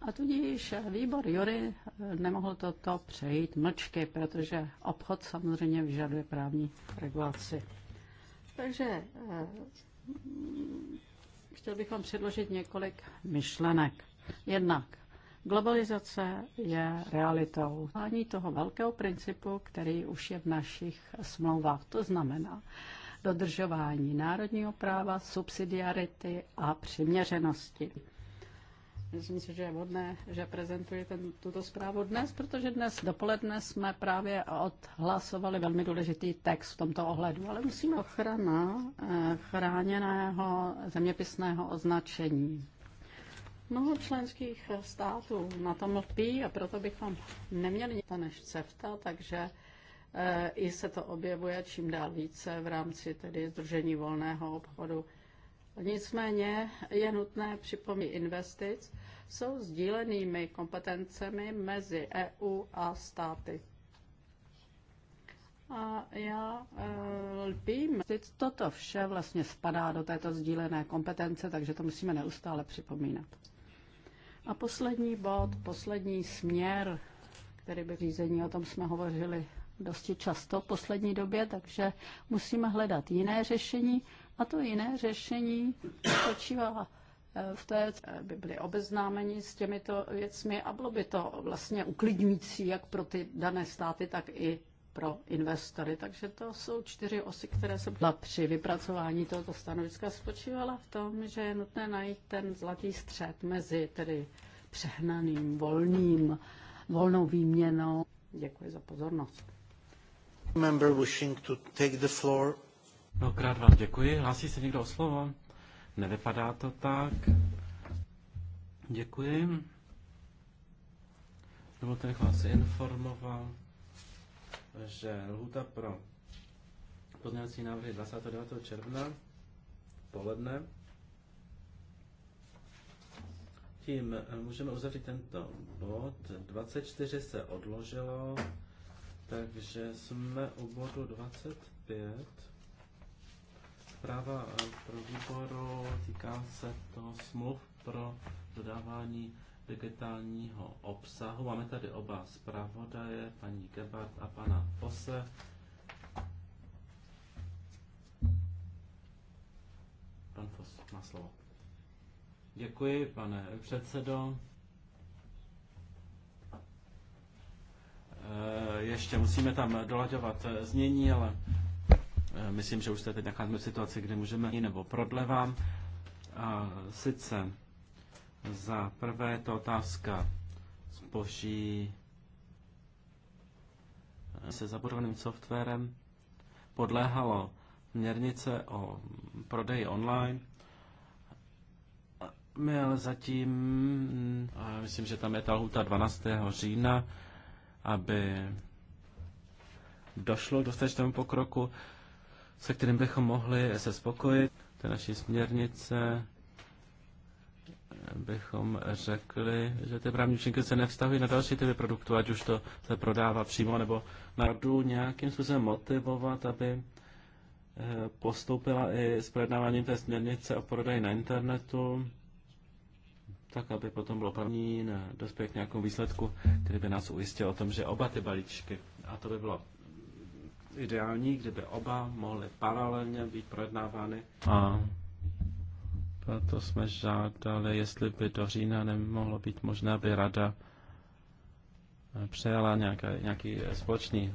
a tudíž výbor Jury nemohl toto přejít mlčky, protože obchod samozřejmě vyžaduje právní regulaci. Takže eh, chtěl bychom předložit několik myšlenek. Jednak globalizace je realitou. Ani toho velkého principu, který už je v našich smlouvách, to znamená dodržování národního práva, subsidiarity a přiměřenosti. Myslím si, že je vhodné, že prezentuji ten, tuto zprávu dnes, protože dnes dopoledne jsme právě odhlasovali velmi důležitý text v tomto ohledu, ale musíme ochrana eh, chráněného zeměpisného označení. Mnoho členských států na tom lpí a proto bychom neměli to než CEFTA, takže eh, i se to objevuje čím dál více v rámci tedy Združení volného obchodu. Nicméně je nutné připomínat investic jsou sdílenými kompetencemi mezi EU a státy. A já e, lpím. Toto vše vlastně spadá do této sdílené kompetence, takže to musíme neustále připomínat. A poslední bod, poslední směr, který by řízení, o tom jsme hovořili dosti často v poslední době, takže musíme hledat jiné řešení. A to jiné řešení spočívá Eh, v té, eh, by byli obeznámeni s těmito věcmi a bylo by to vlastně uklidňující jak pro ty dané státy, tak i pro investory. Takže to jsou čtyři osy, které se byla při vypracování tohoto stanoviska. Spočívala v tom, že je nutné najít ten zlatý střed mezi tedy přehnaným, volným, volnou výměnou. Děkuji za pozornost. Member wishing to take the floor. Mnohokrát vám děkuji. Hlásí se někdo o slovo? Nevypadá to tak. Děkuji. Dovolte, bych vás informoval, že lhuta pro pozměňovací návrhy 29. června poledne. Tím můžeme uzavřít tento bod. 24 se odložilo, takže jsme u bodu 25 zpráva eh, pro výboru, týká se to smluv pro dodávání digitálního obsahu. Máme tady oba zpravodaje, paní Gebhardt a pana Pose. Pan Fos má slovo. Děkuji, pane předsedo. Eh, ještě musíme tam dolaďovat znění, ale Eh, myslím, že už se teď nacházíme v situaci, kdy můžeme i nebo prodleva. A sice za prvé to otázka zboží eh, se zabudovaným softwarem podléhalo měrnice o prodeji online. My ale zatím, eh, myslím, že tam je ta lhuta 12. října, aby došlo k dostatečnému pokroku se kterým bychom mohli se spokojit. je naší směrnice bychom řekli, že ty právní účinky se nevztahují na další typy produktů, ať už to se prodává přímo nebo radu nějakým způsobem motivovat, aby eh, postoupila i s projednáváním té směrnice o prodeji na internetu, tak aby potom bylo první dospět k nějakému výsledku, který by nás ujistil o tom, že oba ty balíčky, a to by bylo ideální, kdyby oba mohly paralelně být projednávány. A proto jsme žádali, jestli by do října nemohlo být možné, aby rada eh, přijala nějaký eh, společný